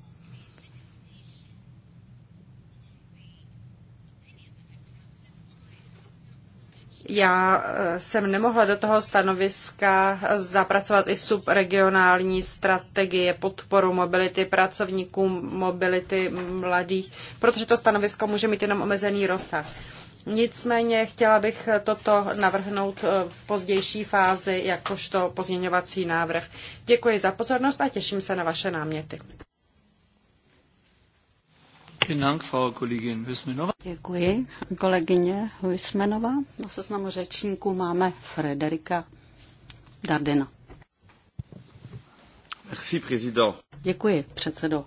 Já eh, jsem nemohla do toho stanoviska zapracovat i subregionální strategie podporu mobility pracovníků, mobility mladých, protože to stanovisko může mít jenom omezený rozsah. Nicméně chtěla bych toto navrhnout eh, v pozdější fázi jakožto pozměňovací návrh. Děkuji za pozornost a těším se na vaše náměty. Děkuji, kolegyně Huismenová. Na seznamu řečníků máme Frederika Dardena. Merci, prezident. Děkuji, předsedo.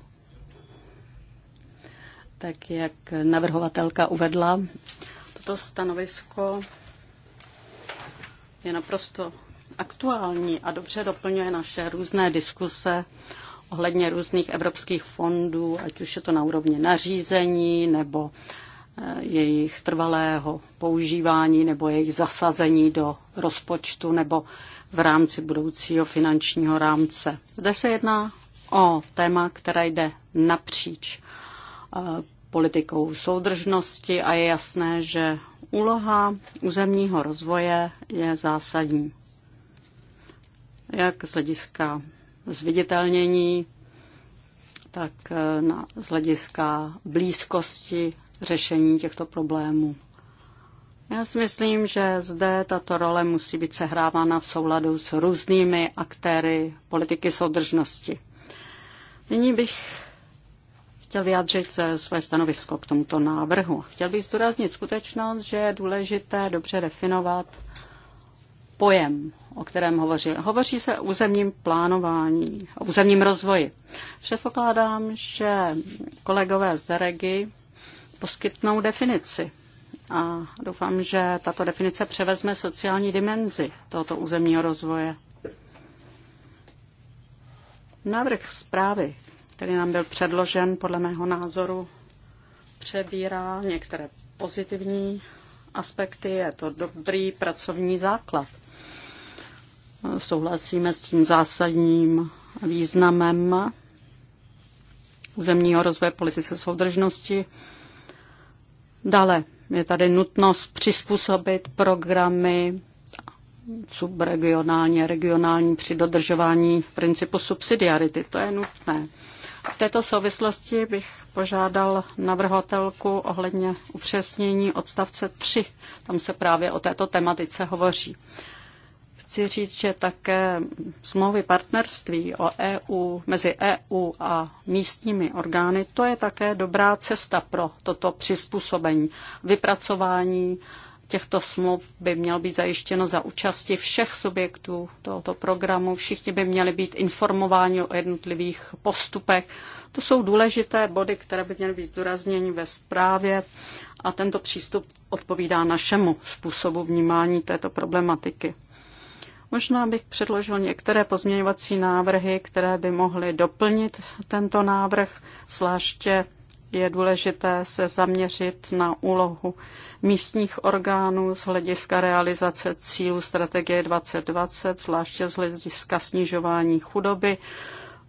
Tak jak navrhovatelka uvedla, toto stanovisko je naprosto aktuální a dobře doplňuje naše různé diskuse ohledně různých evropských fondů, ať už je to na úrovni nařízení nebo eh, jejich trvalého používání nebo jejich zasazení do rozpočtu nebo v rámci budoucího finančního rámce. Zde se jedná o téma, které jde napříč eh, politikou soudržnosti a je jasné, že úloha územního rozvoje je zásadní. Jak z hlediska zviditelnění, tak eh, na, z hlediska blízkosti řešení těchto problémů. Já si myslím, že zde tato role musí být sehrávána v souladu s různými aktéry politiky soudržnosti. Nyní bych chtěl vyjádřit své stanovisko k tomuto návrhu. Chtěl bych zdůraznit skutečnost, že je důležité dobře definovat pojem o kterém hovořil. Hovoří se o územním plánování, o územním rozvoji. Předpokládám, že kolegové z Deregy poskytnou definici. A doufám, že tato definice převezme sociální dimenzi tohoto územního rozvoje. Návrh zprávy, který nám byl předložen, podle mého názoru přebírá některé pozitivní aspekty. Je to dobrý pracovní základ. Souhlasíme s tím zásadním významem územního rozvoje politice soudržnosti. Dále je tady nutnost přizpůsobit programy subregionální regionální při dodržování principu subsidiarity. To je nutné. V této souvislosti bych požádal navrhovatelku ohledně upřesnění odstavce 3. Tam se právě o této tematice hovoří. Chci říct, že také smlouvy partnerství o EU, mezi EU a místními orgány, to je také dobrá cesta pro toto přizpůsobení. Vypracování těchto smluv by mělo být zajištěno za účasti všech subjektů tohoto programu. Všichni by měli být informováni o jednotlivých postupech. To jsou důležité body, které by měly být zdůrazněny ve zprávě a tento přístup odpovídá našemu způsobu vnímání této problematiky. Možná bych předložil některé pozměňovací návrhy, které by mohly doplnit tento návrh, zvláště je důležité se zaměřit na úlohu místních orgánů z hlediska realizace cílů strategie 2020, zvláště z hlediska snižování chudoby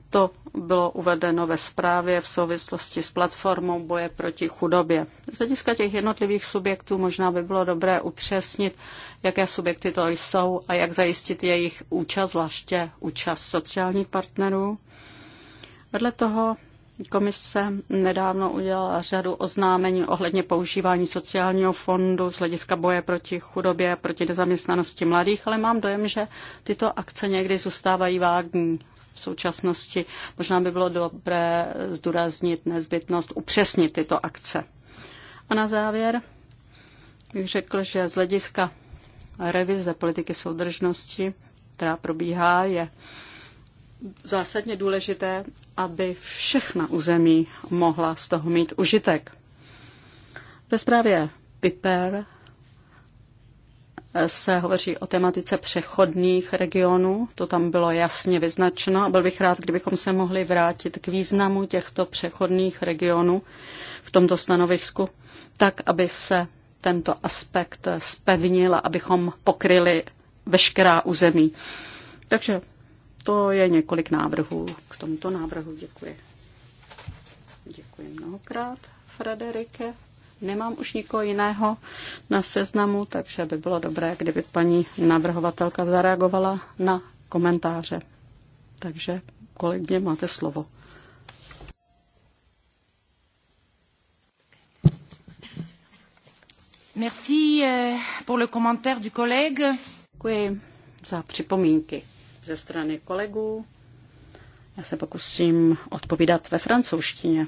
to bylo uvedeno ve zprávě v souvislosti s platformou boje proti chudobě. Z hlediska těch jednotlivých subjektů možná by bylo dobré upřesnit, jaké subjekty to jsou a jak zajistit jejich účast, zvláště účast sociálních partnerů. Vedle toho Komise nedávno udělala řadu oznámení ohledně používání sociálního fondu z hlediska boje proti chudobě a proti nezaměstnanosti mladých, ale mám dojem, že tyto akce někdy zůstávají vágní v současnosti. Možná by bylo dobré zdůraznit nezbytnost upřesnit tyto akce. A na závěr bych řekl, že z hlediska revize politiky soudržnosti, která probíhá, je zásadně důležité, aby všechna území mohla z toho mít užitek. Ve zprávě PIPER se hovoří o tematice přechodných regionů, to tam bylo jasně vyznačeno a byl bych rád, kdybychom se mohli vrátit k významu těchto přechodných regionů v tomto stanovisku, tak, aby se tento aspekt spevnil a abychom pokryli veškerá území. Takže to je několik návrhů. K tomuto návrhu děkuji. Děkuji mnohokrát, Frederike. Nemám už nikoho jiného na seznamu, takže by bylo dobré, kdyby paní navrhovatelka zareagovala na komentáře. Takže kolegyně, máte slovo. Merci eh, pour le commentaire du collègue. Děkuji za připomínky ze strany kolegů. Já se pokusím odpovídat ve francouzštině.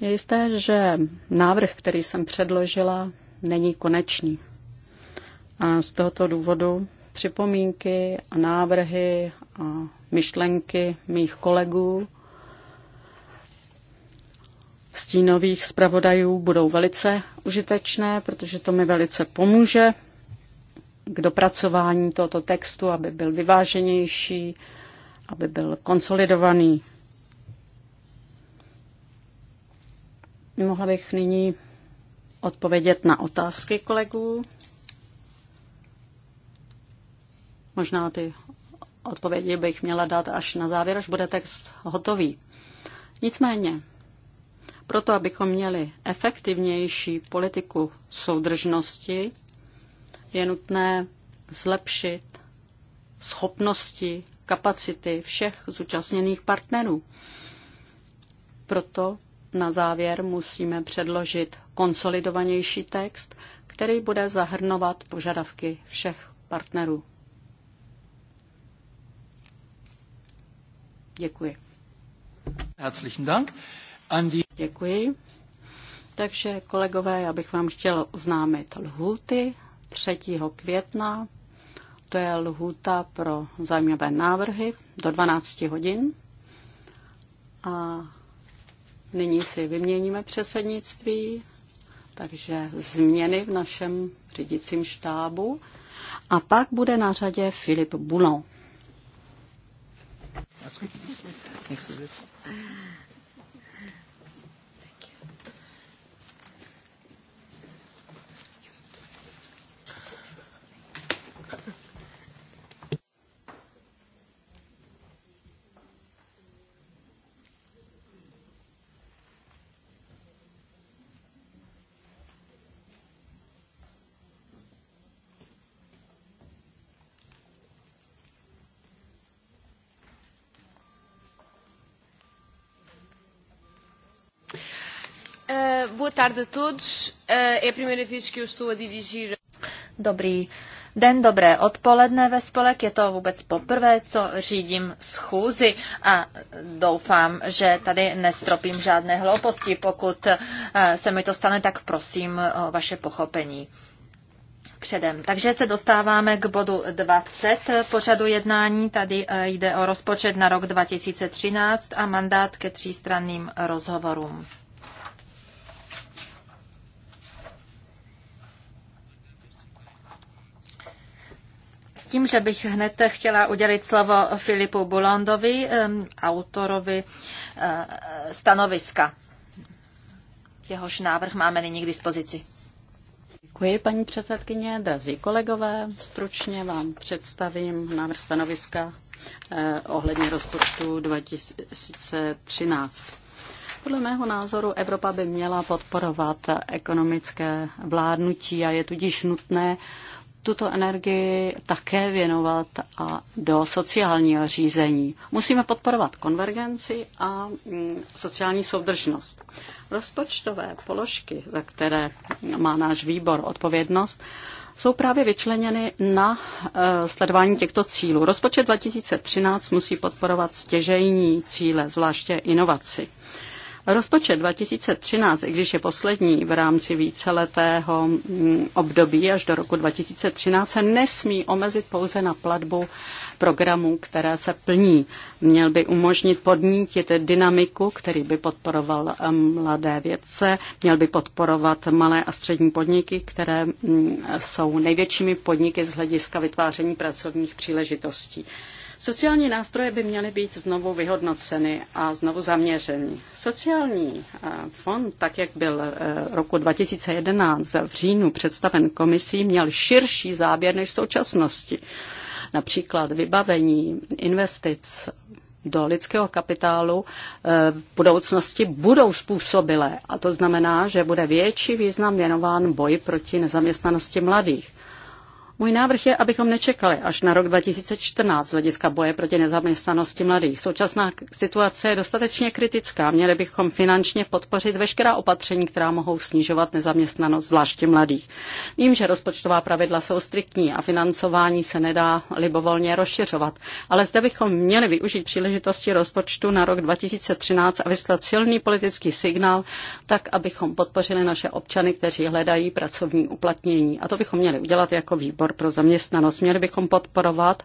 Je jisté, že návrh, který jsem předložila, není konečný. A z tohoto důvodu připomínky a návrhy a myšlenky mých kolegů stínových zpravodajů budou velice užitečné, protože to mi velice pomůže k dopracování tohoto textu, aby byl vyváženější, aby byl konsolidovaný Mohla bych nyní odpovědět na otázky kolegů. Možná ty odpovědi bych měla dát až na závěr, až bude text hotový. Nicméně, proto abychom měli efektivnější politiku soudržnosti, je nutné zlepšit schopnosti, kapacity všech zúčastněných partnerů. Proto na závěr musíme předložit konsolidovanější text, který bude zahrnovat požadavky všech partnerů. Děkuji. Herzlichen Dank. Děkuji. Takže kolegové, já bych vám chtěl oznámit lhuty 3. května. To je lhuta pro zajímavé návrhy do 12 hodin. A Nyní si vyměníme předsednictví, takže změny v našem řídicím štábu. A pak bude na řadě Filip Boulon. boa tarde a todos. Eh, é a primeira vez que eu estou a dirigir. Dobrý den, dobré odpoledne ve spolek. Je to vůbec poprvé, co řídím schůzi a doufám, že tady nestropím žádné hlouposti. Pokud eh, se mi to stane, tak prosím o vaše pochopení předem. Takže se dostáváme k bodu 20 pořadu jednání. Tady eh, jde o rozpočet na rok 2013 a mandát ke třístranným rozhovorům. s tím, že bych hned chtěla udělit slovo Filipu Bulandovi, autorovi eh, stanoviska. Jehož návrh máme nyní k dispozici. Děkuji, paní předsedkyně, drazí kolegové. Stručně vám představím návrh stanoviska eh, ohledně rozpočtu 2013. Podle mého názoru Evropa by měla podporovat ekonomické vládnutí a je tudíž nutné tuto energii také věnovat a do sociálního řízení. Musíme podporovat konvergenci a mm, sociální soudržnost. Rozpočtové položky, za které má náš výbor odpovědnost, jsou právě vyčleněny na e, sledování těchto cílů. Rozpočet 2013 musí podporovat stěžejní cíle, zvláště inovaci. Rozpočet 2013, i když je poslední v rámci víceletého mm, období až do roku 2013, se nesmí omezit pouze na platbu programů, které se plní. Měl by umožnit podnítit dynamiku, který by podporoval mm, mladé vědce, měl by podporovat malé a střední podniky, které mm, jsou největšími podniky z hlediska vytváření pracovních příležitostí. Sociální nástroje by měly být znovu vyhodnoceny a znovu zaměřeny. Sociální eh, fond, tak jak byl eh, roku 2011 v říjnu představen komisí, měl širší záběr než v současnosti. Například vybavení investic do lidského kapitálu eh, v budoucnosti budou způsobilé. A to znamená, že bude větší význam věnován boji proti nezaměstnanosti mladých. Můj návrh je, abychom nečekali až na rok 2014 z hlediska boje proti nezaměstnanosti mladých. Současná situace je dostatečně kritická. Měli bychom finančně podpořit veškerá opatření, která mohou snižovat nezaměstnanost zvláště mladých. Vím, že rozpočtová pravidla jsou striktní a financování se nedá libovolně rozšiřovat, ale zde bychom měli využít příležitosti rozpočtu na rok 2013 a vyslat silný politický signál, tak abychom podpořili naše občany, kteří hledají pracovní uplatnění. A to bychom měli udělat jako výbor výbor pro zaměstnanost. Měli bychom podporovat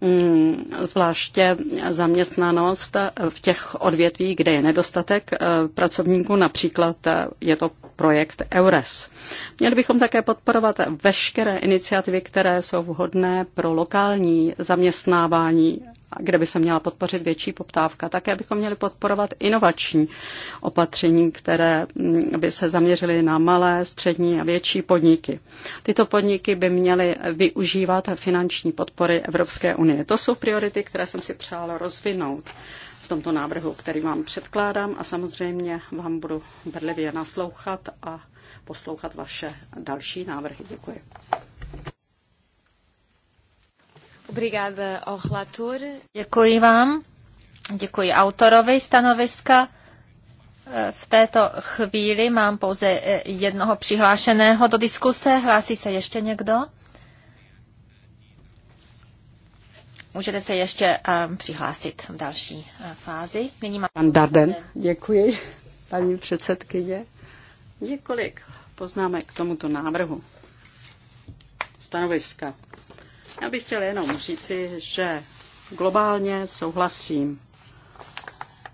mm, zvláště zaměstnanost v těch odvětví, kde je nedostatek eh, pracovníků, například eh, je to projekt EURES. Měli bychom také podporovat veškeré iniciativy, které jsou vhodné pro lokální zaměstnávání kde by se měla podpořit větší poptávka. Také bychom měli podporovat inovační opatření, které mm, by se zaměřily na malé, střední a větší podniky. Tyto podniky by měly využívat finanční podpory Evropské unie. To jsou priority, které jsem si přála rozvinout v tomto návrhu, který vám předkládám a samozřejmě vám budu bedlivě naslouchat a poslouchat vaše další návrhy. Děkuji. Obrigada ao relator. Děkuji vám. Děkuji autorovi stanoviska. Eh, v této chvíli mám pouze eh, jednoho přihlášeného do diskuse. Hlásí se ještě někdo? Můžete se ještě um, přihlásit v další uh, fázi. Nyní má... Pan Darden, děkuji, paní předsedkyně. Několik poznámek k tomuto návrhu stanoviska. Já bych chtěl jenom říci, že globálně souhlasím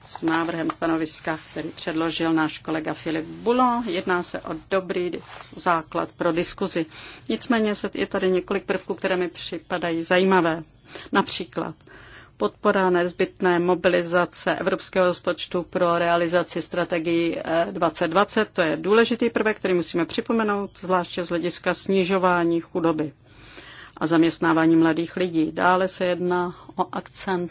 s návrhem stanoviska, který předložil náš kolega Filip Bulo. Jedná se o dobrý základ pro diskuzi. Nicméně je tady několik prvků, které mi připadají zajímavé. Například podpora nezbytné mobilizace evropského rozpočtu pro realizaci strategii 2020. Eh, to je důležitý prvek, který musíme připomenout, zvláště z hlediska snižování chudoby a zaměstnávání mladých lidí. Dále se jedná o akcent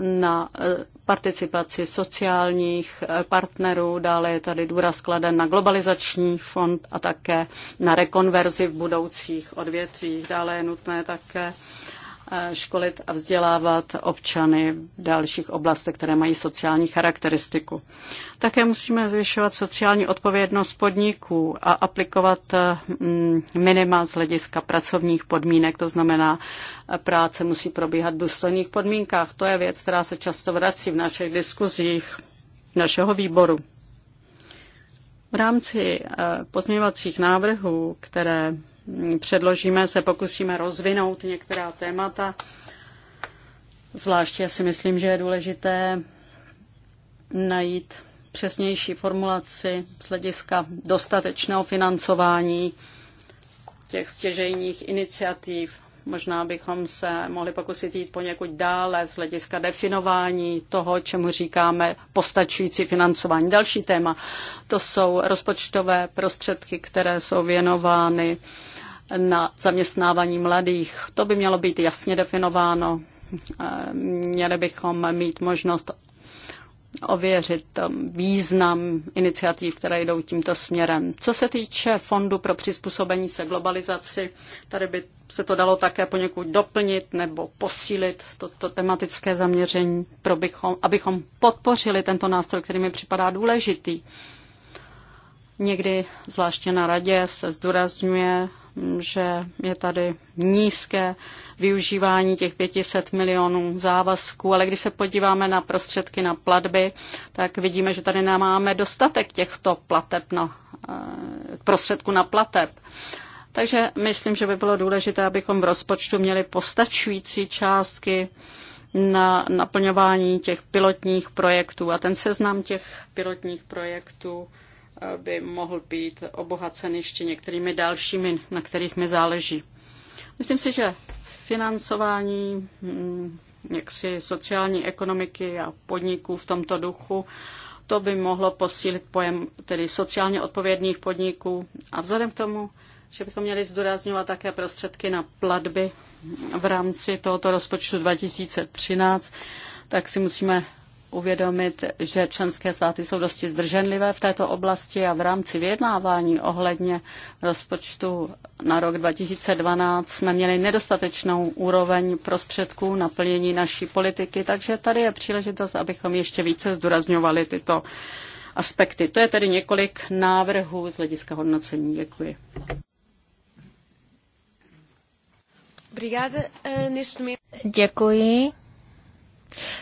na eh, participaci sociálních eh, partnerů, dále je tady důraz kladen na globalizační fond a také na rekonverzi v budoucích odvětvích. Dále je nutné také školit a vzdělávat občany v dalších oblastech, které mají sociální charakteristiku. Také musíme zvyšovat sociální odpovědnost podniků a aplikovat mm, minima z hlediska pracovních podmínek, to znamená, práce musí probíhat v důstojných podmínkách. To je věc, která se často vrací v našich diskuzích našeho výboru. V rámci eh, pozměňovacích návrhů, které mm, předložíme, se pokusíme rozvinout některá témata. Zvláště si myslím, že je důležité najít přesnější formulaci z hlediska dostatečného financování těch stěžejních iniciativ Možná bychom se mohli pokusit jít poněkud dále z hlediska definování toho, čemu říkáme postačující financování. Další téma, to jsou rozpočtové prostředky, které jsou věnovány na zaměstnávání mladých. To by mělo být jasně definováno. Měli bychom mít možnost ověřit um, význam iniciativ, které jdou tímto směrem. Co se týče Fondu pro přizpůsobení se globalizaci, tady by se to dalo také poněkud doplnit nebo posílit toto to tematické zaměření, pro bychom, abychom podpořili tento nástroj, který mi připadá důležitý. Někdy, zvláště na radě, se zdůrazňuje že je tady nízké využívání těch 500 milionů závazků, ale když se podíváme na prostředky na platby, tak vidíme, že tady nemáme dostatek těchto plateb na, eh, prostředku na plateb. Takže myslím, že by bylo důležité, abychom v rozpočtu měli postačující částky na naplňování těch pilotních projektů. A ten seznam těch pilotních projektů by mohl být obohacen ještě některými dalšími, na kterých mi záleží. Myslím si, že financování mm, jaksi sociální ekonomiky a podniků v tomto duchu, to by mohlo posílit pojem tedy sociálně odpovědných podniků a vzhledem k tomu, že bychom měli zdůrazňovat také prostředky na platby v rámci tohoto rozpočtu 2013, tak si musíme uvědomit, že členské státy jsou dosti zdrženlivé v této oblasti a v rámci vyjednávání ohledně rozpočtu na rok 2012 jsme měli nedostatečnou úroveň prostředků na plnění naší politiky, takže tady je příležitost, abychom ještě více zdůrazňovali tyto aspekty. To je tedy několik návrhů z hlediska hodnocení. Děkuji. Eh, Děkuji.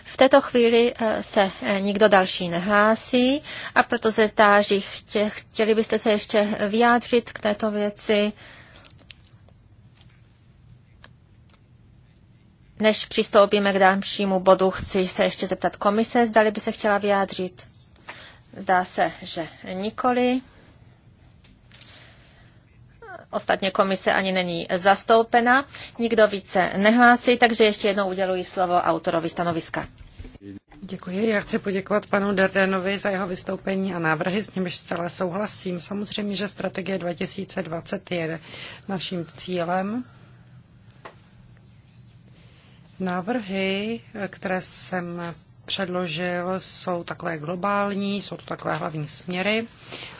V této chvíli eh, se eh, nikdo další nehlásí a proto se táží, chtěli byste se ještě vyjádřit k této věci, Než přistoupíme k dalšímu bodu, chci se ještě zeptat komise, zdali by se chtěla vyjádřit. Zdá se, že nikoli. Ostatně komise ani není zastoupena, nikdo více nehlásí, takže ještě jednou uděluji slovo autorovi stanoviska. Děkuji. Já chci poděkovat panu Dardenovi za jeho vystoupení a návrhy, s nimiž zcela souhlasím. Samozřejmě, že strategie 2020 je naším cílem. Návrhy, které jsem předložil, jsou takové globální, jsou to takové hlavní směry.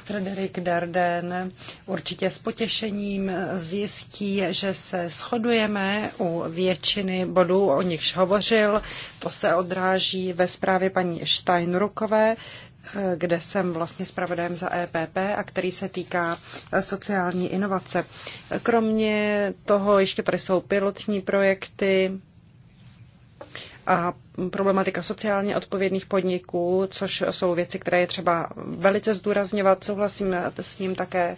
Frederik Darden určitě s potěšením zjistí, že se shodujeme u většiny bodů, o nichž hovořil. To se odráží ve zprávě paní Steinrukové, kde jsem vlastně zpravodajem za EPP a který se týká sociální inovace. Kromě toho ještě tady jsou pilotní projekty, a problematika sociálně odpovědných podniků, což jsou věci, které je třeba velice zdůrazňovat. Souhlasím s ním také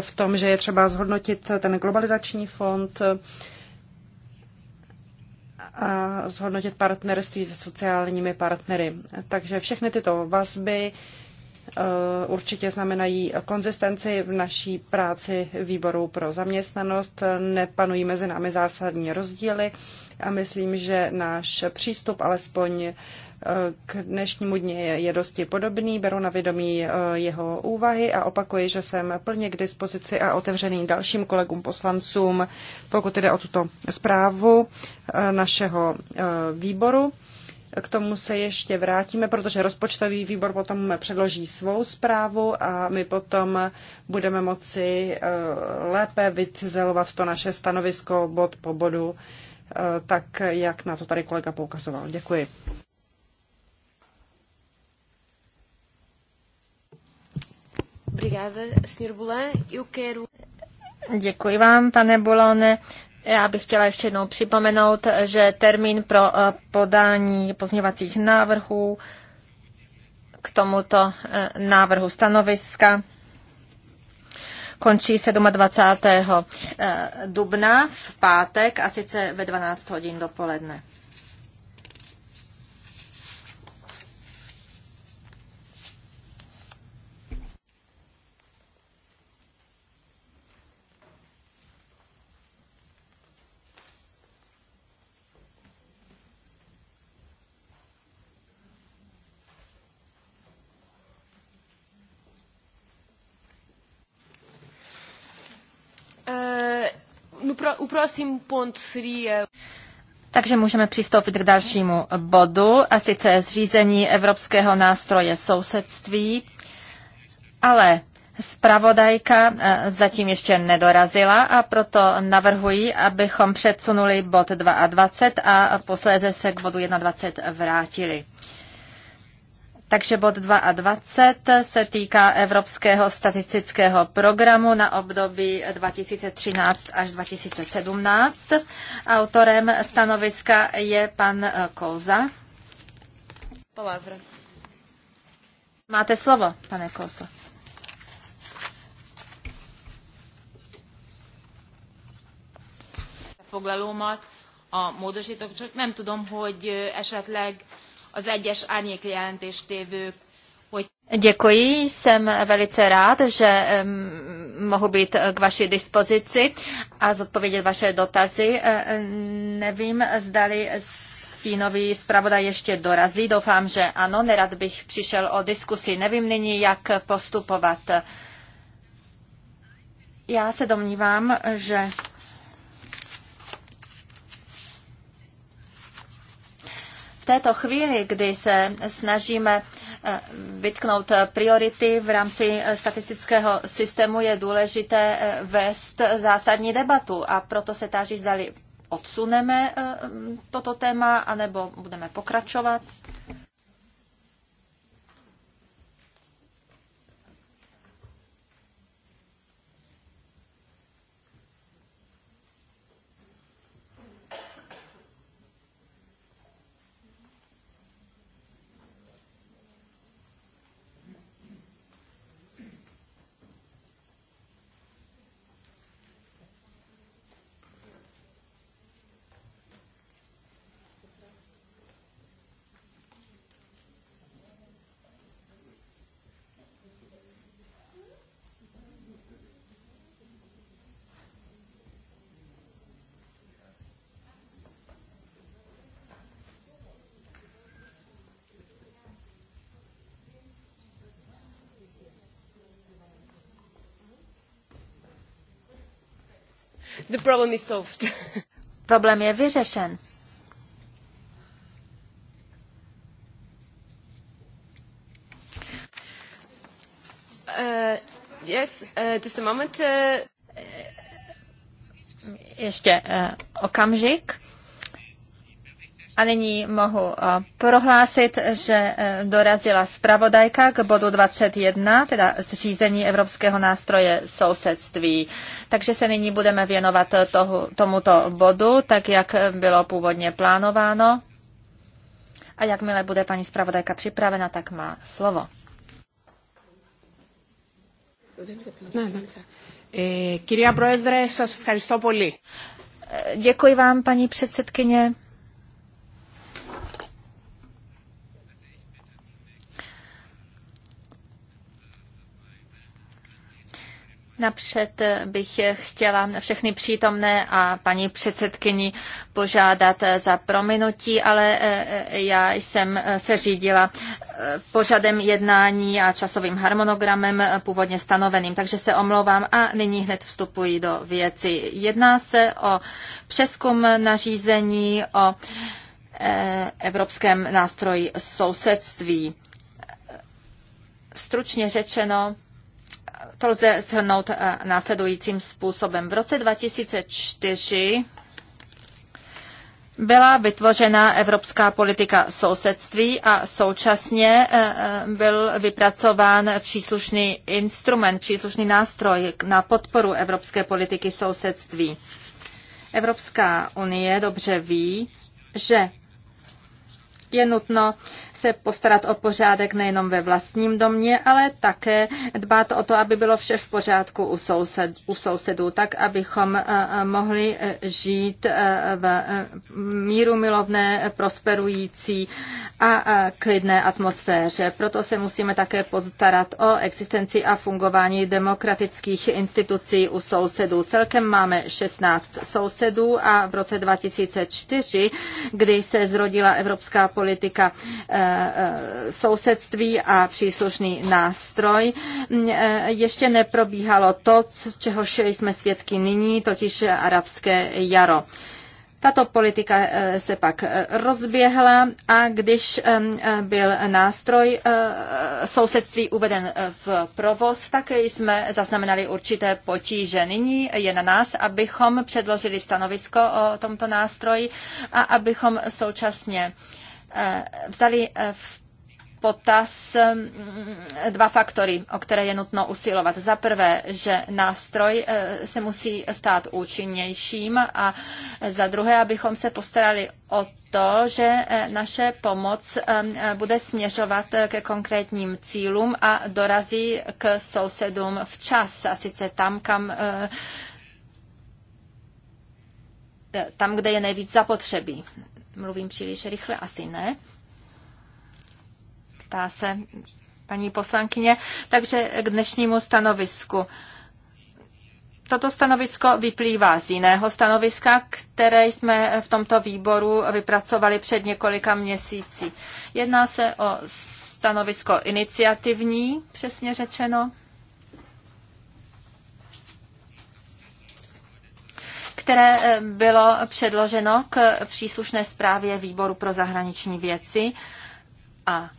v tom, že je třeba zhodnotit ten globalizační fond a zhodnotit partnerství se sociálními partnery. Takže všechny tyto vazby Eh, určitě znamenají konzistenci v naší práci výboru pro zaměstnanost. Nepanují mezi námi zásadní rozdíly a myslím, že náš přístup alespoň eh, k dnešnímu dni je dosti podobný. Beru na vědomí eh, jeho úvahy a opakuji, že jsem plně k dispozici a otevřený dalším kolegům poslancům, pokud jde o tuto zprávu našeho výboru. K tomu se ještě vrátíme, protože rozpočtový výbor potom předloží svou zprávu a my potom budeme moci eh, lépe vycizelovat to naše stanovisko bod po bodu, eh, tak jak na to tady kolega poukazoval. Děkuji. Děkuji vám, pane Bolone. Já bych chtěla ještě jednou připomenout, že termín pro eh, podání pozměvacích návrhů k tomuto eh, návrhu stanoviska končí 27. Eh, dubna v pátek a sice ve 12 hodin dopoledne. Eh, no, próximo ponto seria... Takže můžeme přistoupit k dalšímu bodu, a sice zřízení Evropského nástroje sousedství. Ale Spravodajka eh, zatím ještě nedorazila a proto navrhuji, abychom předsunuli bod 22 a posléze se k bodu 21 vrátili. Takže bod 22 se týká Evropského statistického programu na období 2013 až 2017. Autorem stanoviska je pan eh, Kolza. Palavra. Máte slovo, pane Kolza. Foglalomat a módosítok, csak nem tudom, hogy eh, esetleg az egyes árnyéki jelentéstévők Děkuji, jsem velice rád, že mohu být k vaší dispozici a zodpovědět vaše dotazy. E, nevím, zdali stínový zpravodaj ještě dorazí. Doufám, že ano. Nerad bych přišel o diskusi. Nevím nyní, jak postupovat. Já se domnívám, že V této chvíli, kdy se snažíme eh, vytknout eh, priority v rámci eh, statistického systému, je důležité vést zásadní debatu a proto se táží zdali odsuneme toto téma, anebo budeme pokračovat. The problem is solved. Problém je vyřešen. Uh, yes, uh, just a moment. Uh... Ještě uh, okamžik. A nyní mohu prohlásit, že dorazila zpravodajka k bodu 21, teda zřízení Evropského nástroje sousedství. Takže se nyní budeme věnovat toho, tomuto bodu, tak jak bylo původně plánováno. A jakmile bude paní zpravodajka připravena, tak má slovo. Kyria Proedre, Děkuji vám, paní předsedkyně. Napřed bych chtěla všechny přítomné a paní předsedkyni požádat za prominutí, ale eh, eh, já jsem eh, se řídila pořadem jednání a časovým harmonogramem původně stanoveným, takže se omlouvám a nyní hned vstupuji do věci. Jedná se o přeskum nařízení o evropském nástroji sousedství. Stručně řečeno, to lze shrnout eh, následujícím způsobem. V roce 2004 byla vytvořena evropská politika sousedství a současně eh, eh, byl vypracován příslušný instrument, příslušný nástroj na podporu evropské politiky sousedství. Evropská unie dobře ví, že je nutno se postarat o pořádek nejenom ve vlastním domě, ale také dbát o to, aby bylo vše v pořádku u, soused, u sousedů, tak abychom eh, eh, mohli eh, žít v míru milovné, prosperující a klidné atmosféře. Proto se musíme také postarat o existenci a fungování demokratických institucí u sousedů. Celkem máme 16 sousedů a v roce 2004, kdy se zrodila evropská politika Eh, sousedství a příslušný nástroj. Mm, eh, ještě neprobíhalo to, čehož jsme svědky nyní, totiž arabské jaro. Tato politika eh, se pak rozběhla a když byl nástroj sousedství uveden v provoz, tak jsme zaznamenali určité potíže. Nyní je na nás, abychom předložili stanovisko o tomto nástroji a abychom současně Eh, vzali eh, v potaz mm, dva faktory, o které je nutno usilovat. Za prvé, že nástroj eh, se musí stát účinnějším a za druhé, abychom se postarali o to, že naše pomoc bude směřovat ke konkrétním cílům a dorazí k sousedům včas, a sice tam, kam tam, kde je nejvíc zapotřebí mluvím příliš rychle, asi ne. Ptá se paní poslankyně. Takže k dnešnímu stanovisku. Toto stanovisko vyplývá z jiného stanoviska, které jsme v tomto výboru vypracovali před několika měsíci. Jedná se o stanovisko iniciativní, přesně řečeno. které eh, bylo předloženo k příslušné zprávě výboru pro zahraniční věci a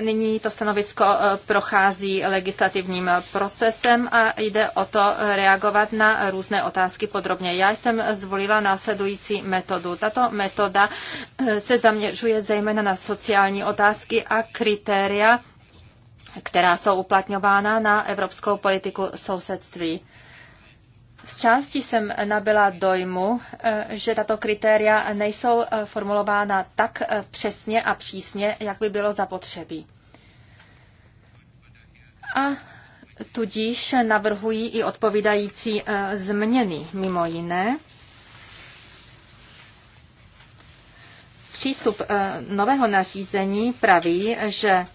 Nyní to stanovisko eh, prochází legislativním procesem a jde o to reagovat na různé otázky podrobně. Já jsem zvolila následující metodu. Tato metoda eh, se zaměřuje zejména na sociální otázky a kritéria která jsou uplatňována na evropskou politiku sousedství. Z části jsem nabyla dojmu, eh, že tato kritéria nejsou eh, formulována tak eh, přesně a přísně, jak by bylo zapotřebí. A tudíž navrhují i odpovídající změny, mimo jiné. Přístup nového nařízení praví, že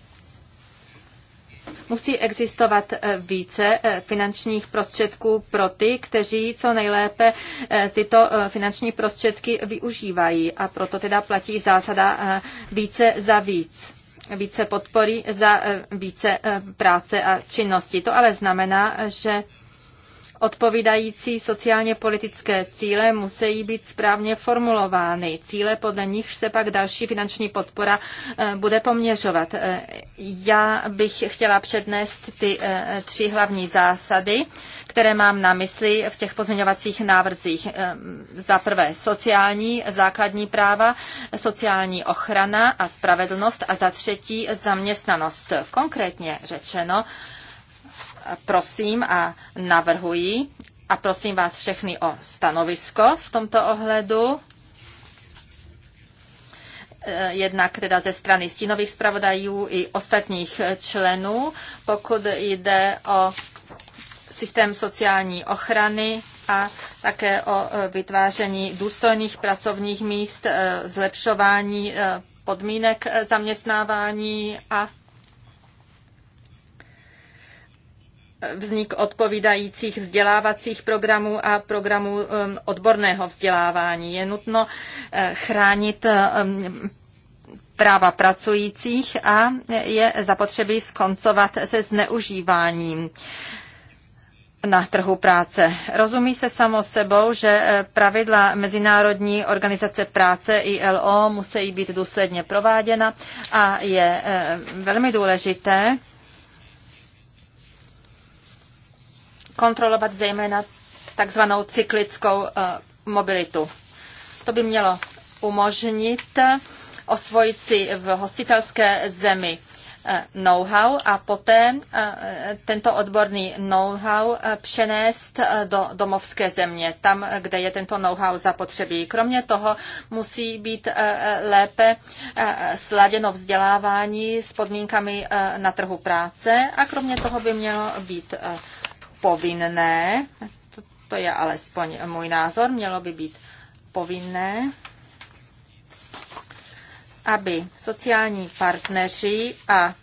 Musí existovat eh, více eh, finančních prostředků pro ty, kteří co nejlépe eh, tyto finanční prostředky využívají a proto teda platí zásada více za víc více podpory za více práce a činnosti. To ale znamená, že Odpovídající sociálně politické cíle musí být správně formulovány. Cíle, podle nich se pak další finanční podpora eh, bude poměřovat. Eh, já bych chtěla přednést ty eh, tři hlavní zásady, které mám na mysli v těch pozměňovacích návrzích. Za prvé sociální základní práva, sociální ochrana a spravedlnost a za třetí zaměstnanost. Konkrétně řečeno, prosím a navrhuji a prosím vás všechny o stanovisko v tomto ohledu. Eh, jednak teda ze strany stínových zpravodajů i ostatních členů, pokud jde o systém sociální ochrany a také o eh, vytváření důstojných pracovních míst, eh, zlepšování podmínek zaměstnávání a vznik odpovídajících vzdělávacích programů a programů um, odborného vzdělávání. Je nutno uh, chránit um, práva pracujících a je zapotřebí skoncovat se zneužíváním na trhu práce. Rozumí se samo sebou, že eh, pravidla Mezinárodní organizace práce ILO musí být důsledně prováděna a je eh, velmi důležité, kontrolovat zejména takzvanou cyklickou eh, mobilitu. To by mělo umožnit eh, osvojit si v hostitelské zemi eh, know-how a poté tento odborný know-how přenést do domovské země, tam, kde je tento know-how zapotřebí. Kromě toho musí být lépe sladěno vzdělávání s podmínkami na trhu práce a kromě toho by mělo být povinné, to, to je alespoň můj názor, mělo by být povinné, aby sociální partneři a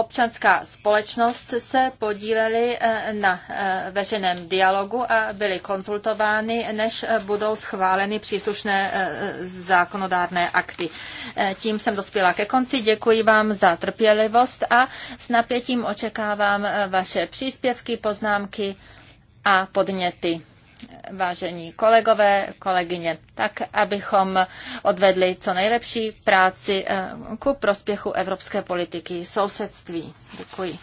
občanská společnost se podílely eh, na eh, veřejném dialogu a byly konzultovány, než budou schváleny příslušné eh, zákonodárné akty. Tím jsem dospěla ke konci. Děkuji vám za trpělivost a s napětím očekávám vaše příspěvky, poznámky a podněty vážení kolegové, kolegyně, tak, abychom odvedli co nejlepší práci eh, ku prospěchu evropské politiky sousedství. Děkuji.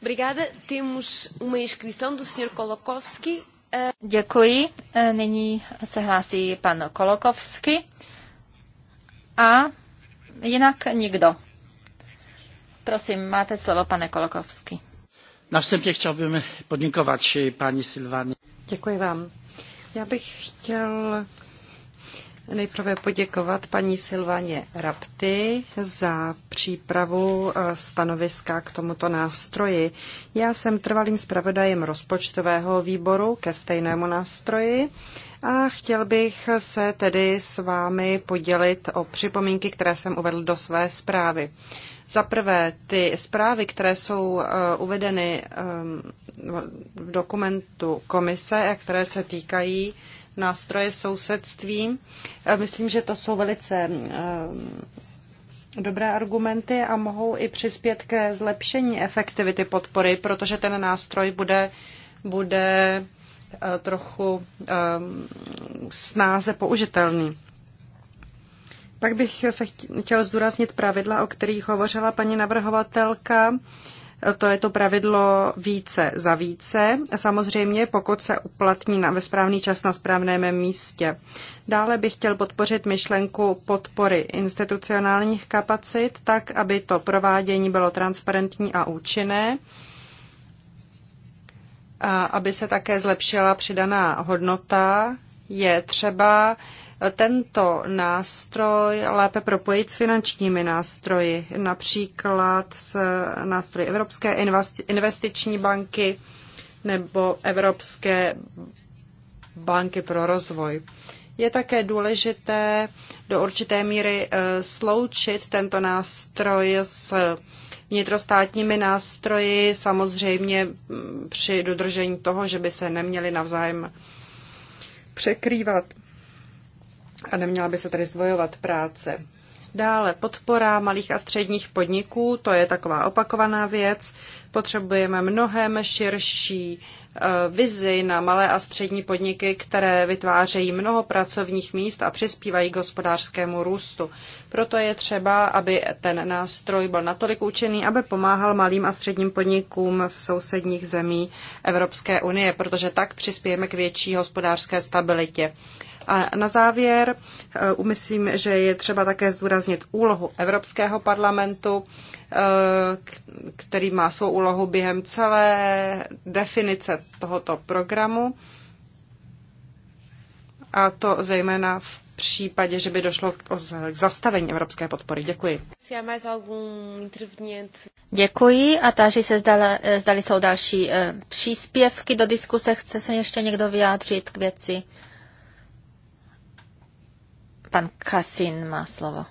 Obrigada. Temos uma inscrição do Sr. Kolokovský. Eh, Děkuji. Eh, nyní se hlásí pan Kolokovský. A jinak nikdo. Prosím, máte slovo, pane Kolokovský. Na vstępie chciałbym poděkovat paní Silvány. Děkuji vám. Já bych chtěl nejprve poděkovat paní Silvaně Rapty za přípravu e, stanoviska k tomuto nástroji. Já jsem trvalým zpravodajem rozpočtového výboru ke stejnému nástroji a chtěl bych se tedy s vámi podělit o připomínky, které jsem uvedl do své zprávy. Za prvé, ty zprávy, které jsou eh, uvedeny ehm, v dokumentu komise a které se týkají nástroje sousedství, eh, myslím, že to jsou velice ehm, dobré argumenty a mohou i přispět ke zlepšení efektivity podpory, protože ten nástroj bude, bude Eh, trochu eh, snáze použitelný. Pak bych se chtěl zdůraznit pravidla, o kterých hovořila paní navrhovatelka. Eh, to je to pravidlo více za více, samozřejmě pokud se uplatní na, ve správný čas na správném místě. Dále bych chtěl podpořit myšlenku podpory institucionálních kapacit, tak aby to provádění bylo transparentní a účinné aby se také zlepšila přidaná hodnota, je třeba tento nástroj lépe propojit s finančními nástroji, například s nástroji Evropské investiční banky nebo Evropské banky pro rozvoj. Je také důležité do určité míry eh, sloučit tento nástroj s vnitrostátními nástroji, samozřejmě při dodržení toho, že by se neměly navzájem překrývat a neměla by se tady zdvojovat práce. Dále podpora malých a středních podniků, to je taková opakovaná věc. Potřebujeme mnohem širší Eh, vizi na malé a střední podniky, které vytvářejí mnoho pracovních míst a přispívají k hospodářskému růstu. Proto je třeba, aby ten nástroj byl natolik účinný, aby pomáhal malým a středním podnikům v sousedních zemí Evropské unie, protože tak přispějeme k větší hospodářské stabilitě. A na závěr eh, umyslím, že je třeba také zdůraznit úlohu Evropského parlamentu, eh, který má svou úlohu během celé definice tohoto programu. A to zejména v případě, že by došlo k zastavení evropské podpory. Děkuji. Děkuji a táži se, zdali, eh, zdali jsou další příspěvky do diskuse. Chce se ještě někdo vyjádřit k věci? Pan Kasin má slovo.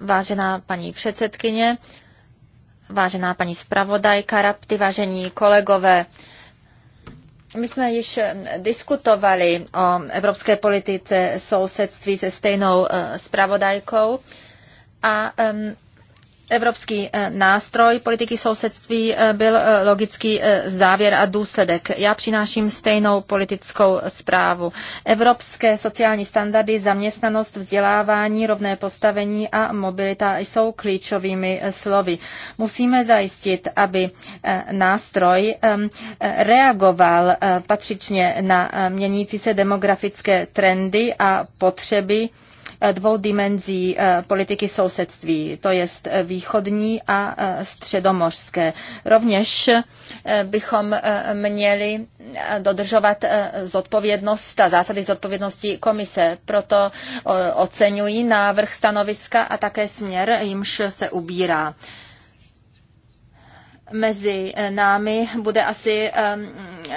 Vážená paní předsedkyně, vážená paní zpravodajka Rapty, vážení kolegové, my jsme již diskutovali o evropské politice sousedství se stejnou eh, zpravodajkou a um, evropský eh, nástroj politiky sousedství eh, byl eh, logický závěr a důsledek. Já přináším stejnou politickou zprávu. Evropské sociální standardy, zaměstnanost, vzdělávání, rovné postavení a mobilita jsou klíčovými slovy. Musíme zajistit, aby nástroj reagoval patřičně na měnící se demografické trendy a potřeby Eh, dvou dimenzí eh, politiky sousedství, to je eh, východní a středomořské. Rovněž bychom měli dodržovat zodpovědnost a zásady zodpovědnosti komise. Proto oceňuji návrh stanoviska a také směr, jimž se ubírá mezi eh, námi bude asi ehm,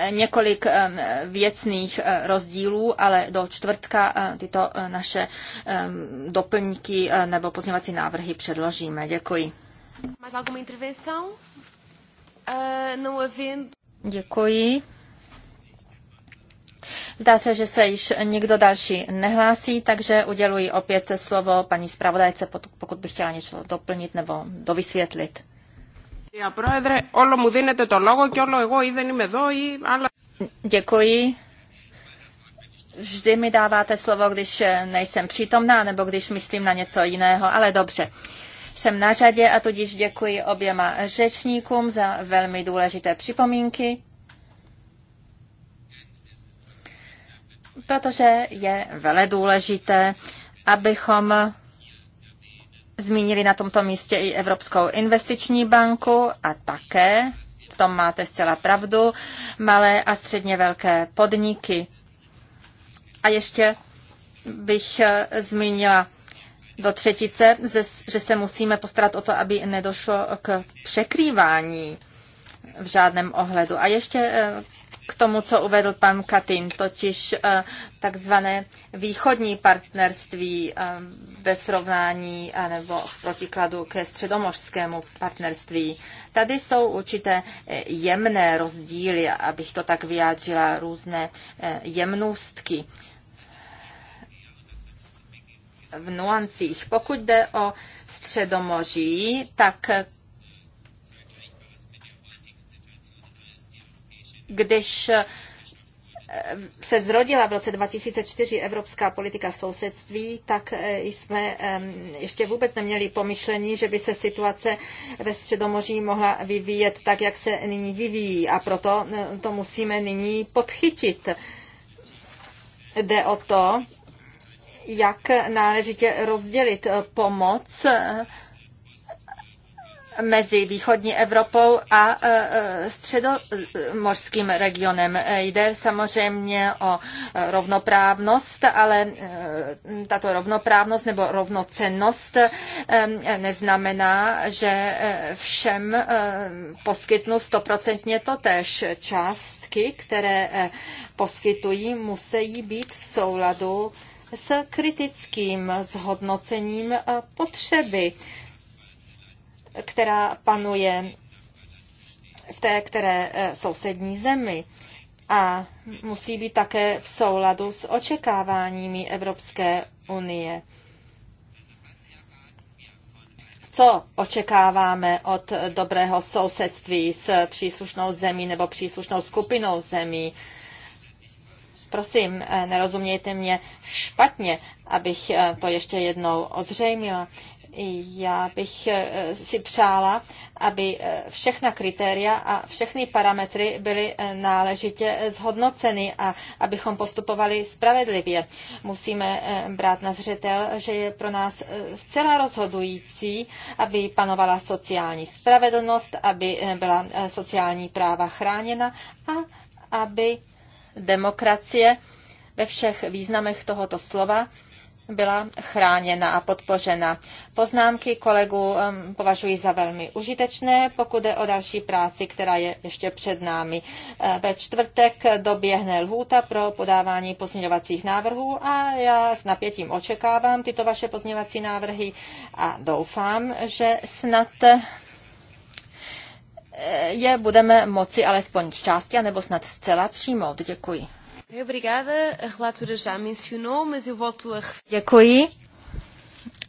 několik ehm, věcných eh, rozdílů, ale do čtvrtka eh, tyto naše ehm, doplňky nebo pozměňovací návrhy předložíme. Děkuji. Ah, Děkuji. Zdá se, že se již nikdo další nehlásí, takže uděluji opět slovo paní zpravodajce, pokud by chtěla něco doplnit nebo dovysvětlit. Děkuji. Vždy mi dáváte slovo, když eh, nejsem přítomná, nebo když myslím na něco jiného, ale dobře. Jsem na řadě a tudíž děkuji oběma řečníkům za velmi důležité připomínky. protože je vele důležité, abychom Zmínili na tomto místě i Evropskou investiční banku a také, v tom máte zcela pravdu, malé a středně velké podniky. A ještě bych eh, zmínila do třetice, že se musíme postarat o to, aby nedošlo k překrývání v žádném ohledu. A ještě eh, k tomu, co uvedl pan Katin, totiž eh, takzvané východní partnerství eh, ve srovnání nebo v protikladu ke středomořskému partnerství. Tady jsou určité eh, jemné rozdíly, abych to tak vyjádřila, různé jemnůstky v nuancích. Pokud jde o Středomoří, tak když eh, se zrodila v roce 2004 evropská politika sousedství, tak eh, jsme ještě vůbec neměli pomyšlení, že by se situace ve Středomoří mohla vyvíjet tak, jak se nyní vyvíjí. A proto eh, to musíme nyní podchytit. Jde o to, jak náležitě rozdělit pomoc mezi východní Evropou a e, e, středomorským regionem. E, jde samozřejmě o rovnoprávnost, ale tato rovnoprávnost nebo rovnocennost neznamená, že všem poskytnu stoprocentně totéž částky, které poskytují, musí být v souladu s kritickým zhodnocením potřeby která panuje v té, které eh, sousední zemi a musí být také v souladu s očekáváními Evropské unie. Co očekáváme od dobrého sousedství s příslušnou zemí nebo příslušnou skupinou zemí? Prosím, eh, nerozumějte mě špatně, abych eh, to ještě jednou ozřejmila. Já bych eh, si přála, aby eh, všechna kritéria a všechny parametry byly eh, náležitě zhodnoceny a abychom postupovali spravedlivě. Musíme brát na zřetel, že je pro nás zcela rozhodující, aby panovala sociální spravedlnost, aby byla sociální práva chráněna a aby demokracie ve všech významech tohoto slova byla chráněna a podpořena. Poznámky kolegů považuji za velmi užitečné, pokud je o další práci, která je ještě před námi. Eh, ve čtvrtek doběhne lhůta pro podávání pozměňovacích návrhů a já s napětím očekávám tyto vaše pozměňovací návrhy a doufám, že snad eh, je budeme moci alespoň v části, anebo snad zcela přijmout. Děkuji. Děkuji.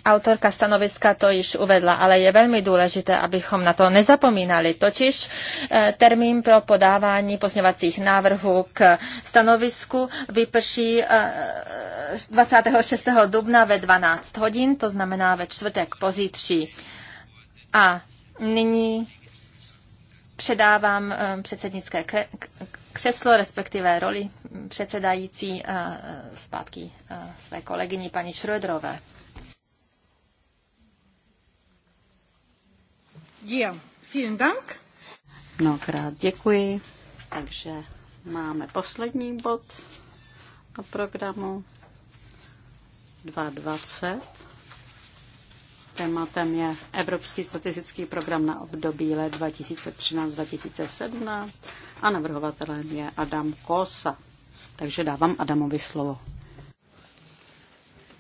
Autorka stanoviska to již uvedla, ale je velmi důležité, abychom na to nezapomínali. Totiž eh, termín pro podávání pozměvacích návrhů k stanovisku vyprší 26. Eh, dubna ve 12 hodin, to znamená ve čtvrtek pozítří. A nyní předávám eh, předsednické křeslo, respektive roli předsedající eh, zpátky eh, své kolegyni paní Šrödrové. Yeah. Vielen Dank. Mnohokrát děkuji. Takže máme poslední bod na programu 2.20. Tématem je Evropský statistický program na období let 2013-2017 a navrhovatelem je Adam Kosa. Takže dávám Adamovi slovo.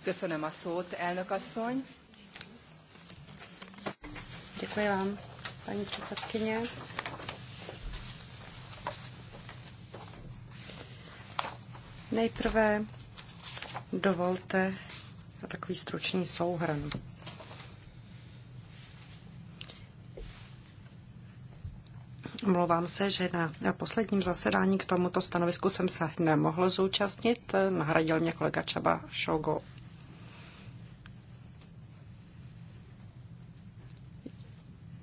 Köszönöm a szót, elnök asszony. Děkuji vám, paní předsedkyně. Nejprve dovolte takový stručný souhrn. Omlouvám se, že na posledním zasedání k tomuto stanovisku jsem se nemohl zúčastnit. Nahradil mě kolega Čaba Šogo.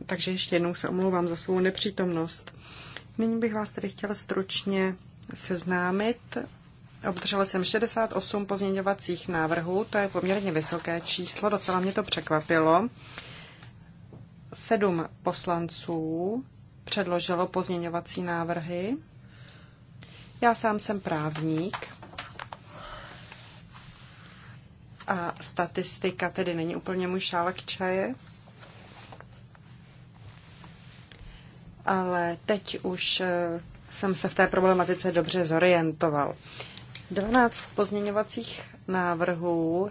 Takže ještě jednou se omlouvám za svou nepřítomnost. Nyní bych vás tedy chtěla stručně seznámit. Obdržela jsem 68 pozměňovacích návrhů, to je poměrně vysoké číslo, docela mě to překvapilo. Sedm poslanců předložilo pozměňovací návrhy. Já sám jsem právník a statistika tedy není úplně můj šálek čaje. Ale teď už eh, jsem se v té problematice dobře zorientoval. 12 pozměňovacích návrhů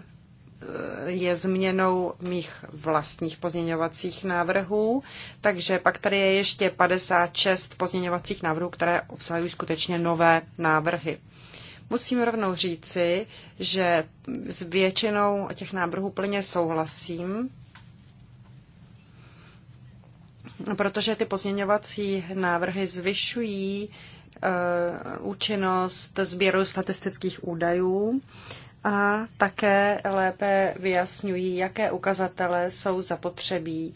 je změnou mých vlastních pozměňovacích návrhů. Takže pak tady je ještě 56 pozměňovacích návrhů, které obsahují skutečně nové návrhy. Musím rovnou říci, že s většinou těch návrhů plně souhlasím, protože ty pozměňovací návrhy zvyšují eh, účinnost sběru statistických údajů a také lépe vyjasňují, jaké ukazatele jsou zapotřebí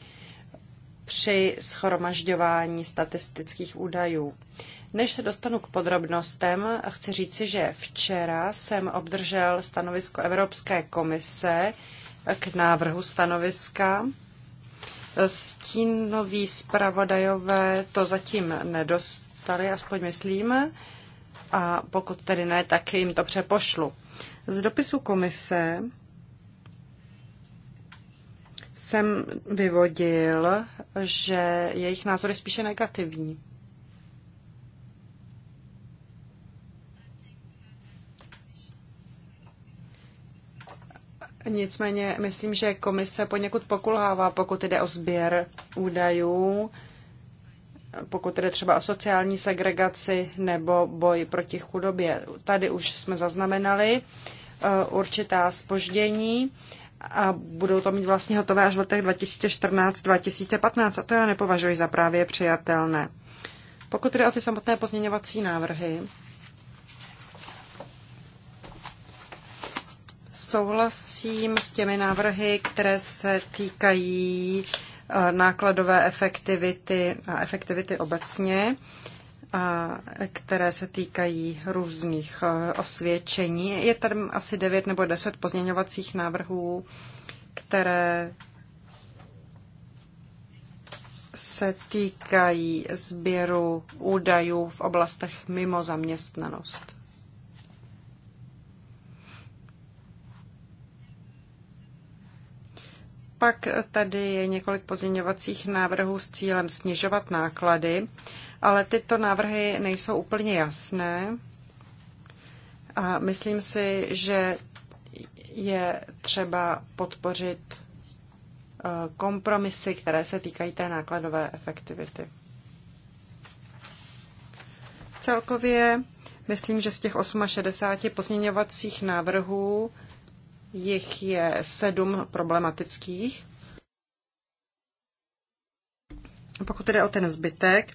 při schromažďování statistických údajů. Než se dostanu k podrobnostem, chci říci, že včera jsem obdržel stanovisko Evropské komise k návrhu stanoviska. Stínoví zpravodajové to zatím nedostali, aspoň myslím, a pokud tedy ne, tak jim to přepošlu. Z dopisu komise jsem vyvodil, že jejich názor je spíše negativní. Nicméně myslím, že komise poněkud pokulhává, pokud jde o sběr údajů, pokud jde třeba o sociální segregaci nebo boj proti chudobě. Tady už jsme zaznamenali, Eh, určitá spoždění a budou to mít vlastně hotové až v letech 2014-2015 a to já nepovažuji za právě přijatelné. Pokud jde o ty samotné pozměňovací návrhy, souhlasím s těmi návrhy, které se týkají eh, nákladové efektivity a efektivity obecně a které se týkají různých eh, osvědčení. Je tam asi 9 nebo 10 pozměňovacích návrhů, které se týkají sběru údajů v oblastech mimo zaměstnanost. Pak tady je několik pozměňovacích návrhů s cílem snižovat náklady ale tyto návrhy nejsou úplně jasné a myslím si, že je třeba podpořit eh, kompromisy, které se týkají té nákladové efektivity. Celkově myslím, že z těch 68 pozměňovacích návrhů jich je sedm problematických. Pokud jde o ten zbytek,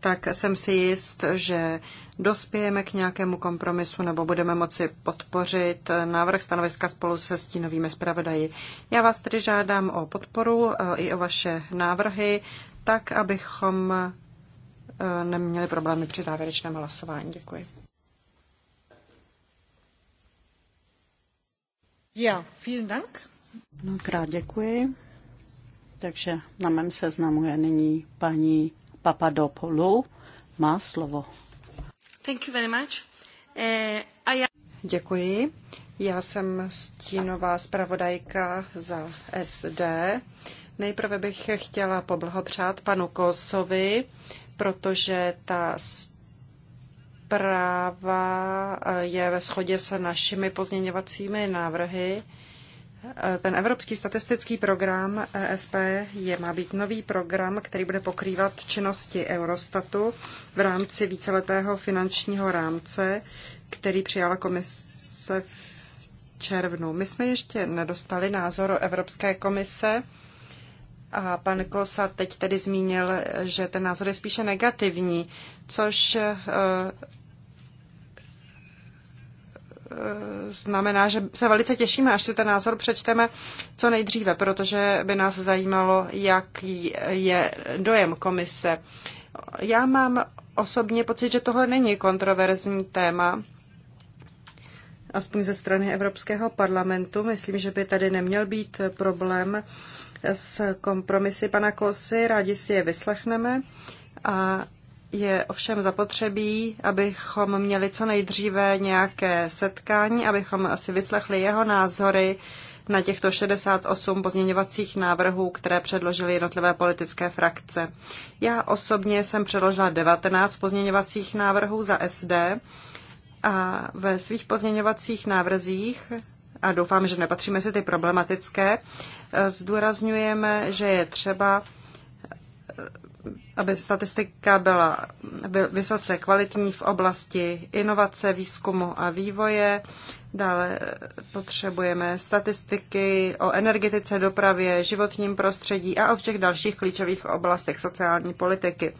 tak jsem si jist, že dospějeme k nějakému kompromisu nebo budeme moci podpořit návrh stanoviska spolu se stínovými zpravodaji. Já vás tedy žádám o podporu eh, i o vaše návrhy, tak abychom eh, neměli problémy při závěrečném hlasování. Děkuji. Já, vielen Dank. Mnohokrát děkuji. Takže na mém seznamu je nyní paní Papadopoulou má slovo. Thank you very much. Eh, Děkuji. Já jsem stínová zpravodajka za SD. Nejprve bych chtěla poblahopřát panu Kosovi, protože ta zpráva eh, je ve shodě s našimi pozměňovacími návrhy. Ten Evropský statistický program ESP je, má být nový program, který bude pokrývat činnosti Eurostatu v rámci víceletého finančního rámce, který přijala komise v červnu. My jsme ještě nedostali názor Evropské komise a pan Kosa teď tedy zmínil, že ten názor je spíše negativní, což eh, Eh, znamená, že se velice těšíme, až si ten názor přečteme co nejdříve, protože by nás zajímalo, jaký je dojem komise. Já mám osobně pocit, že tohle není kontroverzní téma, aspoň ze strany Evropského parlamentu. Myslím, že by tady neměl být problém s kompromisy pana Kosy. Rádi si je vyslechneme. A je ovšem zapotřebí, abychom měli co nejdříve nějaké setkání, abychom si vyslechli jeho názory na těchto 68 pozměňovacích návrhů, které předložily jednotlivé politické frakce. Já osobně jsem předložila 19 pozměňovacích návrhů za SD a ve svých pozměňovacích návrzích a doufám, že nepatříme si ty problematické, eh, zdůrazňujeme, že je třeba aby statistika byla vysoce kvalitní v oblasti inovace, výzkumu a vývoje. Dále eh, potřebujeme statistiky o energetice, dopravě, životním prostředí a o všech dalších klíčových oblastech sociální politiky.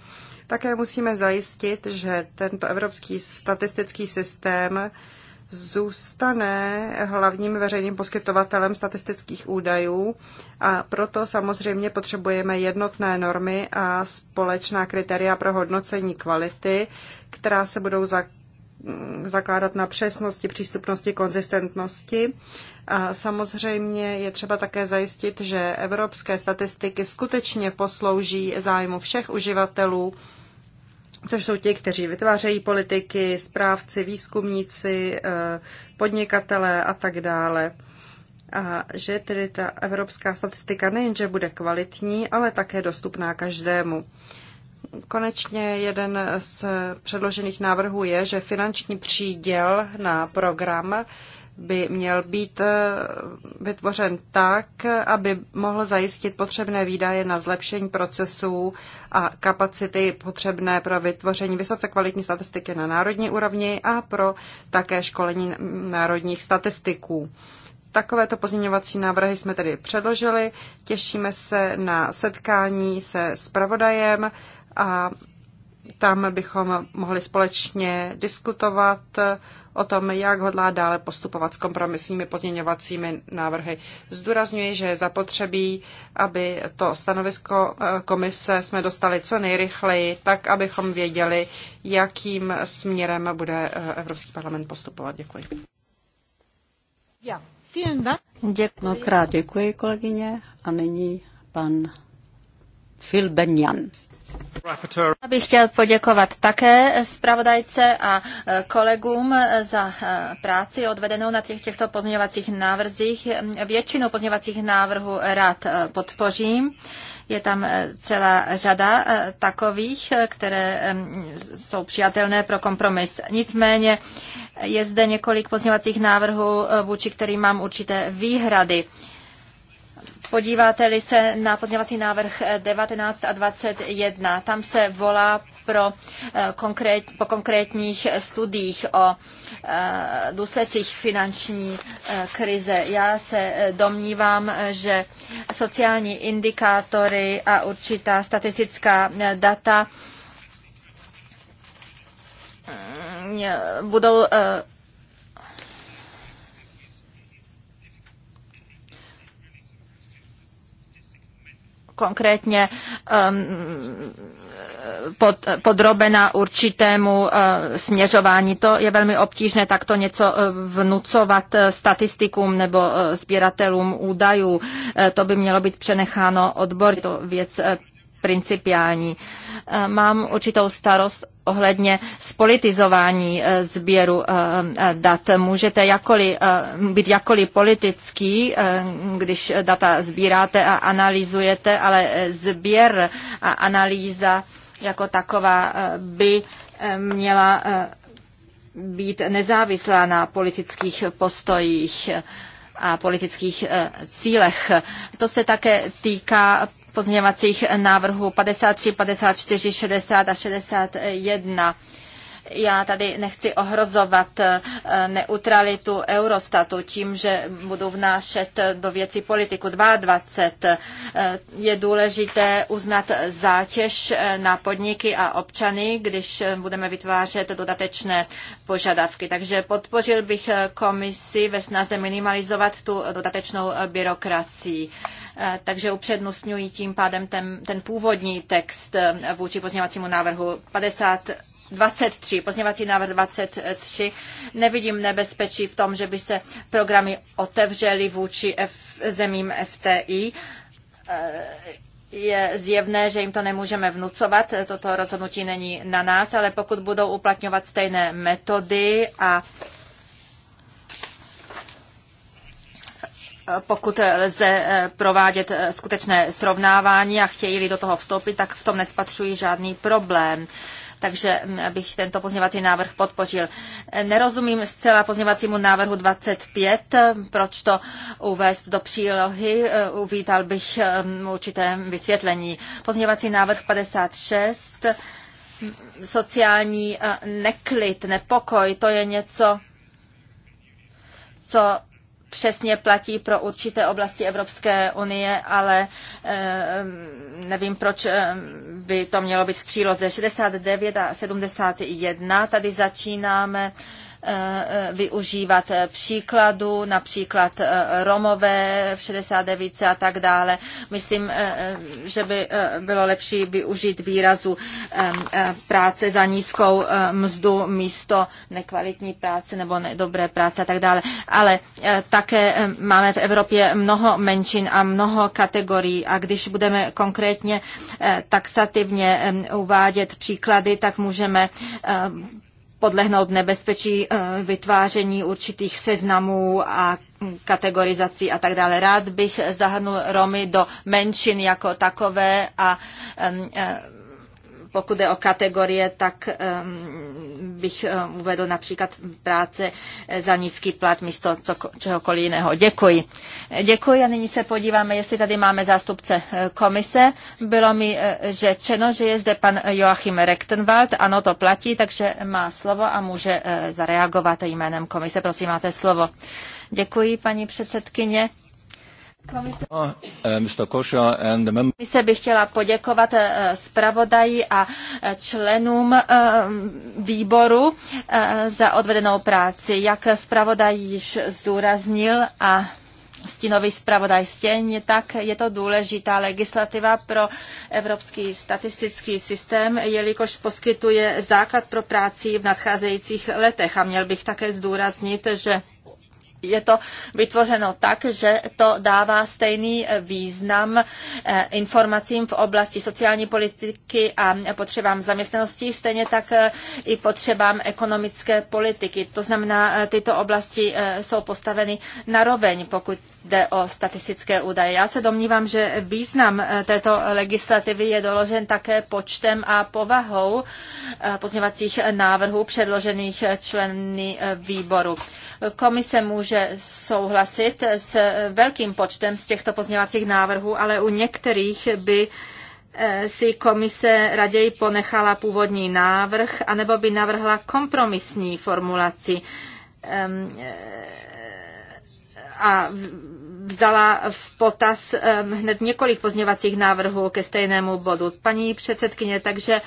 Také musíme zajistit, že tento evropský statistický systém zůstane hlavním veřejným poskytovatelem statistických údajů a proto samozřejmě potřebujeme jednotné normy a společná kritéria pro hodnocení kvality, která se budou za, zakládat na přesnosti, přístupnosti, konzistentnosti. A samozřejmě je třeba také zajistit, že evropské statistiky skutečně poslouží zájmu všech uživatelů což jsou ti, kteří vytvářejí politiky, správci, výzkumníci, eh, podnikatelé a tak dále. A že tedy ta evropská statistika nejenže bude kvalitní, ale také dostupná každému. Konečně jeden z předložených návrhů je, že finanční příděl na program by měl být eh, vytvořen tak, aby mohl zajistit potřebné výdaje na zlepšení procesů a kapacity potřebné pro vytvoření vysoce kvalitní statistiky na národní úrovni a pro také školení národních statistiků. Takovéto pozměňovací návrhy jsme tedy předložili. Těšíme se na setkání se spravodajem a tam bychom mohli společně diskutovat o tom, jak hodlá dále postupovat s kompromisními pozměňovacími návrhy. Zdůrazňuji, že je zapotřebí, aby to stanovisko eh, komise jsme dostali co nejrychleji, tak abychom věděli, jakým směrem bude eh, Evropský parlament postupovat. Děkuji. Děkuji. děkuji, kolegyně. A nyní pan Phil Benjan. Já bych chtěl poděkovat také zpravodajce a e, kolegům e, za e, práci odvedenou na těch, těchto pozměňovacích návrzích. Většinu pozměňovacích návrhů rád podpořím. Je tam celá řada takových, které jsou přijatelné pro kompromis. Nicméně je zde několik pozměňovacích návrhů, vůči kterým mám určité výhrady. Podíváte-li se na pozměňovací návrh 19 a 21, tam se volá pro eh, konkrét, po konkrétních studiích o eh, důsledcích finanční eh, krize. Já se domnívám, že sociální indikátory a určitá statistická data budou konkrétně um, pod, podrobena určitému uh, směřování. To je velmi obtížné takto něco uh, vnucovat uh, statistikům nebo sběratelům údajů. To by mělo být přenecháno odbor. To věc principiální. Mám určitou starost ohledně spolitizování eh, sběru eh, eh, dat. Můžete jakoli, být jakoli politický, když data sbíráte a analyzujete, ale sběr a analýza jako taková by měla být nezávislá na politických postojích a politických cílech. To se také týká pozměňovacích návrhů 53, 54, 60 a 61. Já tady nechci ohrozovat eh, neutralitu Eurostatu tím, že budu vnášet do věci politiku 22. Eh, je důležité uznat zátěž eh, na podniky a občany, když budeme vytvářet dodatečné požadavky. Takže podpořil bych komisi ve snaze minimalizovat tu dodatečnou byrokracii takže upřednostňuji tím pádem ten, ten původní text vůči pozměňovacímu návrhu 50 23, pozněvací návrh 23. Nevidím nebezpečí v tom, že by se programy otevřely vůči F, zemím FTI. Je zjevné, že jim to nemůžeme vnucovat, toto rozhodnutí není na nás, ale pokud budou uplatňovat stejné metody a pokud lze eh, provádět eh, skutečné srovnávání a chtějí-li do toho vstoupit, tak v tom nespatřují žádný problém takže bych tento pozměvací návrh podpořil. Nerozumím zcela pozměvacímu návrhu 25, proč to uvést do přílohy, uvítal bych um, určité vysvětlení. Pozměvací návrh 56, sociální uh, neklid, nepokoj, to je něco, co přesně platí pro určité oblasti Evropské unie, ale eh, nevím, proč eh, by to mělo být v příloze 69 a 71. Tady začínáme Eh, využívat eh, příkladu, například eh, Romové v 69 a tak dále. Myslím, že by bylo lepší využít výrazu práce za nízkou mzdu místo nekvalitní práce nebo nedobré práce a tak dále. Ale také máme v Evropě mnoho menšin a mnoho kategorií a když budeme konkrétně taxativně uvádět příklady, tak můžeme podlehnout nebezpečí eh, vytváření určitých seznamů a kategorizací a tak dále. Rád bych zahrnul Romy do menšin jako takové a eh, pokud je o kategorie, tak ehm, bych ehm, uvedl například práce eh, za nízký plat místo čehokoliv jiného. Děkuji. Děkuji a nyní se podíváme, jestli tady máme zástupce eh, komise. Bylo mi eh, řečeno, že je zde pan Joachim Rechtenwald. Ano, to platí, takže má slovo a může zareagovat jménem komise. Prosím, máte slovo. Děkuji, paní předsedkyně. Komise... Uh, uh, bych chtěla poděkovat uh, zpravodaji a členům výboru za odvedenou práci. Jak zpravodaj již zdůraznil a stínový zpravodaj stejně, tak je to důležitá legislativa pro evropský statistický systém, jelikož poskytuje základ pro práci v nadcházejících letech. A měl bych také zdůraznit, že je to vytvořeno tak, že to dává stejný význam eh, informacím v oblasti sociální politiky a potřebám zaměstnanosti, stejně tak eh, i potřebám ekonomické politiky. To znamená, eh, tyto oblasti jsou postaveny na roveň, pokud jde o statistické údaje. Já se domnívám, že význam eh, této legislativy je doložen také počtem a povahou eh, pozměvacích návrhů předložených eh, členy výboru. Komise může souhlasit s velkým počtem z těchto pozměvacích návrhů, ale u některých by si komise raději ponechala původní návrh, anebo by navrhla kompromisní formulaci ehm, a vzala v potaz hned několik pozněvacích návrhů ke stejnému bodu. Paní předsedkyně, takže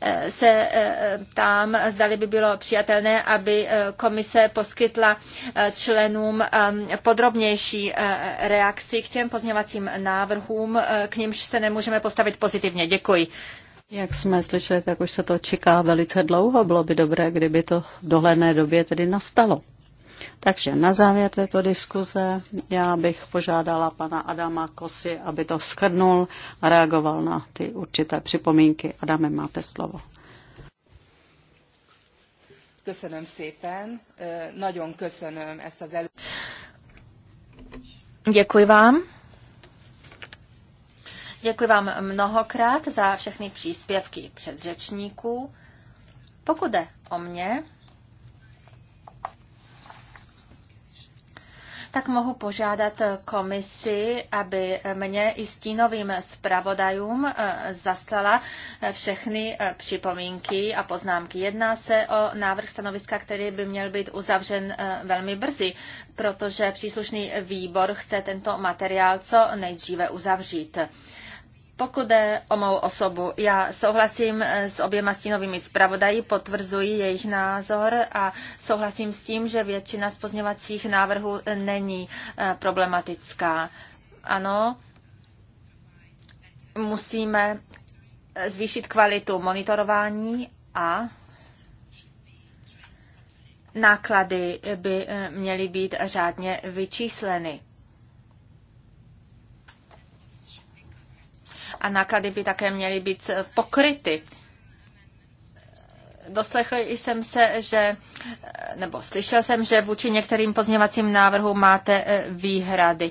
eh, se eh, tam zdali by bylo přijatelné, aby eh, komise poskytla členům podrobnější reakci k těm pozněvacím návrhům, k nimž se nemůžeme postavit pozitivně. Děkuji. Jak jsme slyšeli, tak už se to čeká velice dlouho. Bylo by dobré, kdyby to v dohledné době tedy nastalo. Takže na závěr této diskuze já bych požádala pana Adama Kosy, aby to skrnul a reagoval na ty určité připomínky. Adame, máte slovo. Köszönöm szépen, nagyon köszönöm ezt az elő... Děkuji vám. Děkuji vám mnohokrát za všechny příspěvky předřečníků. Pokud jde o mě, tak mohu požádat komisi, aby mě i stínovým zpravodajům eh, zaslala eh, všechny eh, připomínky a poznámky. Jedná se o návrh stanoviska, který by měl být uzavřen velmi brzy, protože příslušný výbor chce tento materiál co nejdříve uzavřít. Pokud jde o mou osobu, já souhlasím eh, s oběma stínovými zpravodaji, potvrzuji jejich názor a souhlasím s tím, že většina z pozněvacích návrhů eh, není eh, problematická. Ano, musíme zvýšit kvalitu monitorování a náklady by měly být řádně vyčísleny. a náklady by také měly být pokryty. Doslechl jsem se, že, nebo slyšel jsem, že vůči některým pozněvacím návrhům máte eh, výhrady.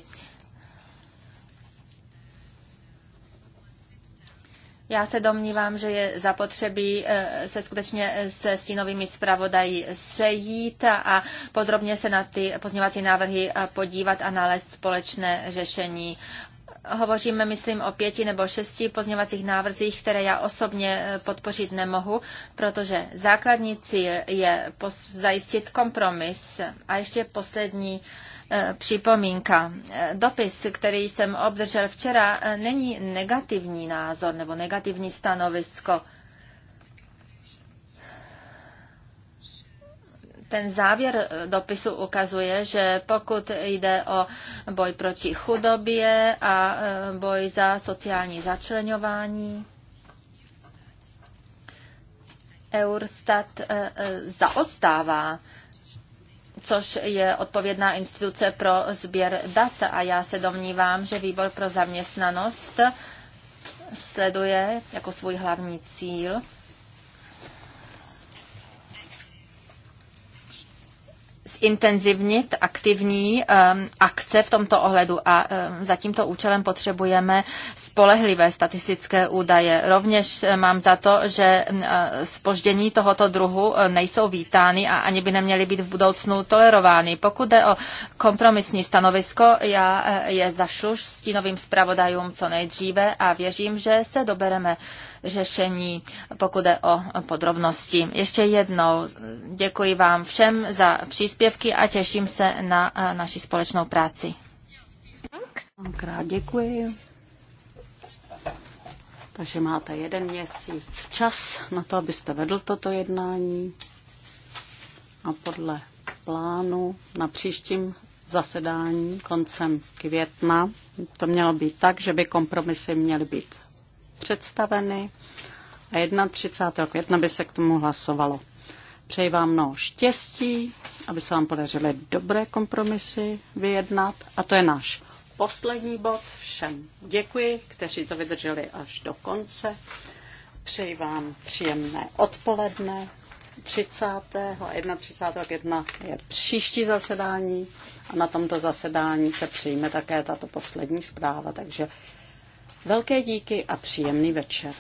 Já se domnívám, že je zapotřebí eh, se skutečně eh, se stínovými zpravodají sejít a podrobně se na ty pozměňovací návrhy podívat a nalézt společné řešení. Hovoříme, myslím, o pěti nebo šesti pozměňovacích návrzích, které já osobně e, podpořit nemohu, protože základní cíl je zajistit kompromis. A ještě poslední e, připomínka. E, dopis, který jsem obdržel včera, není negativní názor nebo negativní stanovisko ten závěr eh, dopisu ukazuje, že pokud jde o boj proti chudobě a eh, boj za sociální začlenování, Eurostat eh, zaostává což je odpovědná instituce pro sběr dat. A já se domnívám, že výbor pro zaměstnanost sleduje jako svůj hlavní cíl zintenzivnit aktivní ehm, akce v tomto ohledu a ehm, za tímto účelem potřebujeme spolehlivé statistické údaje. Rovněž eh, mám za to, že spoždění eh, tohoto druhu eh, nejsou vítány a ani by neměly být v budoucnu tolerovány. Pokud jde o kompromisní stanovisko, já je zašlu stínovým zpravodajům co nejdříve a věřím, že se dobereme řešení, pokud je o podrobnosti. Ještě jednou děkuji vám všem za příspěvky a těším se na eh, naši společnou práci. Krát děkuji. Takže máte jeden měsíc čas na to, abyste vedl toto jednání a podle plánu na příštím zasedání koncem května. To mělo být tak, že by kompromisy měly být představeny a 31. května by se k tomu hlasovalo. Přeji vám mnoho štěstí, aby se vám podařily dobré kompromisy vyjednat a to je náš poslední bod všem. Děkuji, kteří to vydrželi až do konce. Přeji vám příjemné odpoledne. 30. a 31. května je příští zasedání a na tomto zasedání se přijme také tato poslední zpráva, takže Velké díky a příjemný večer.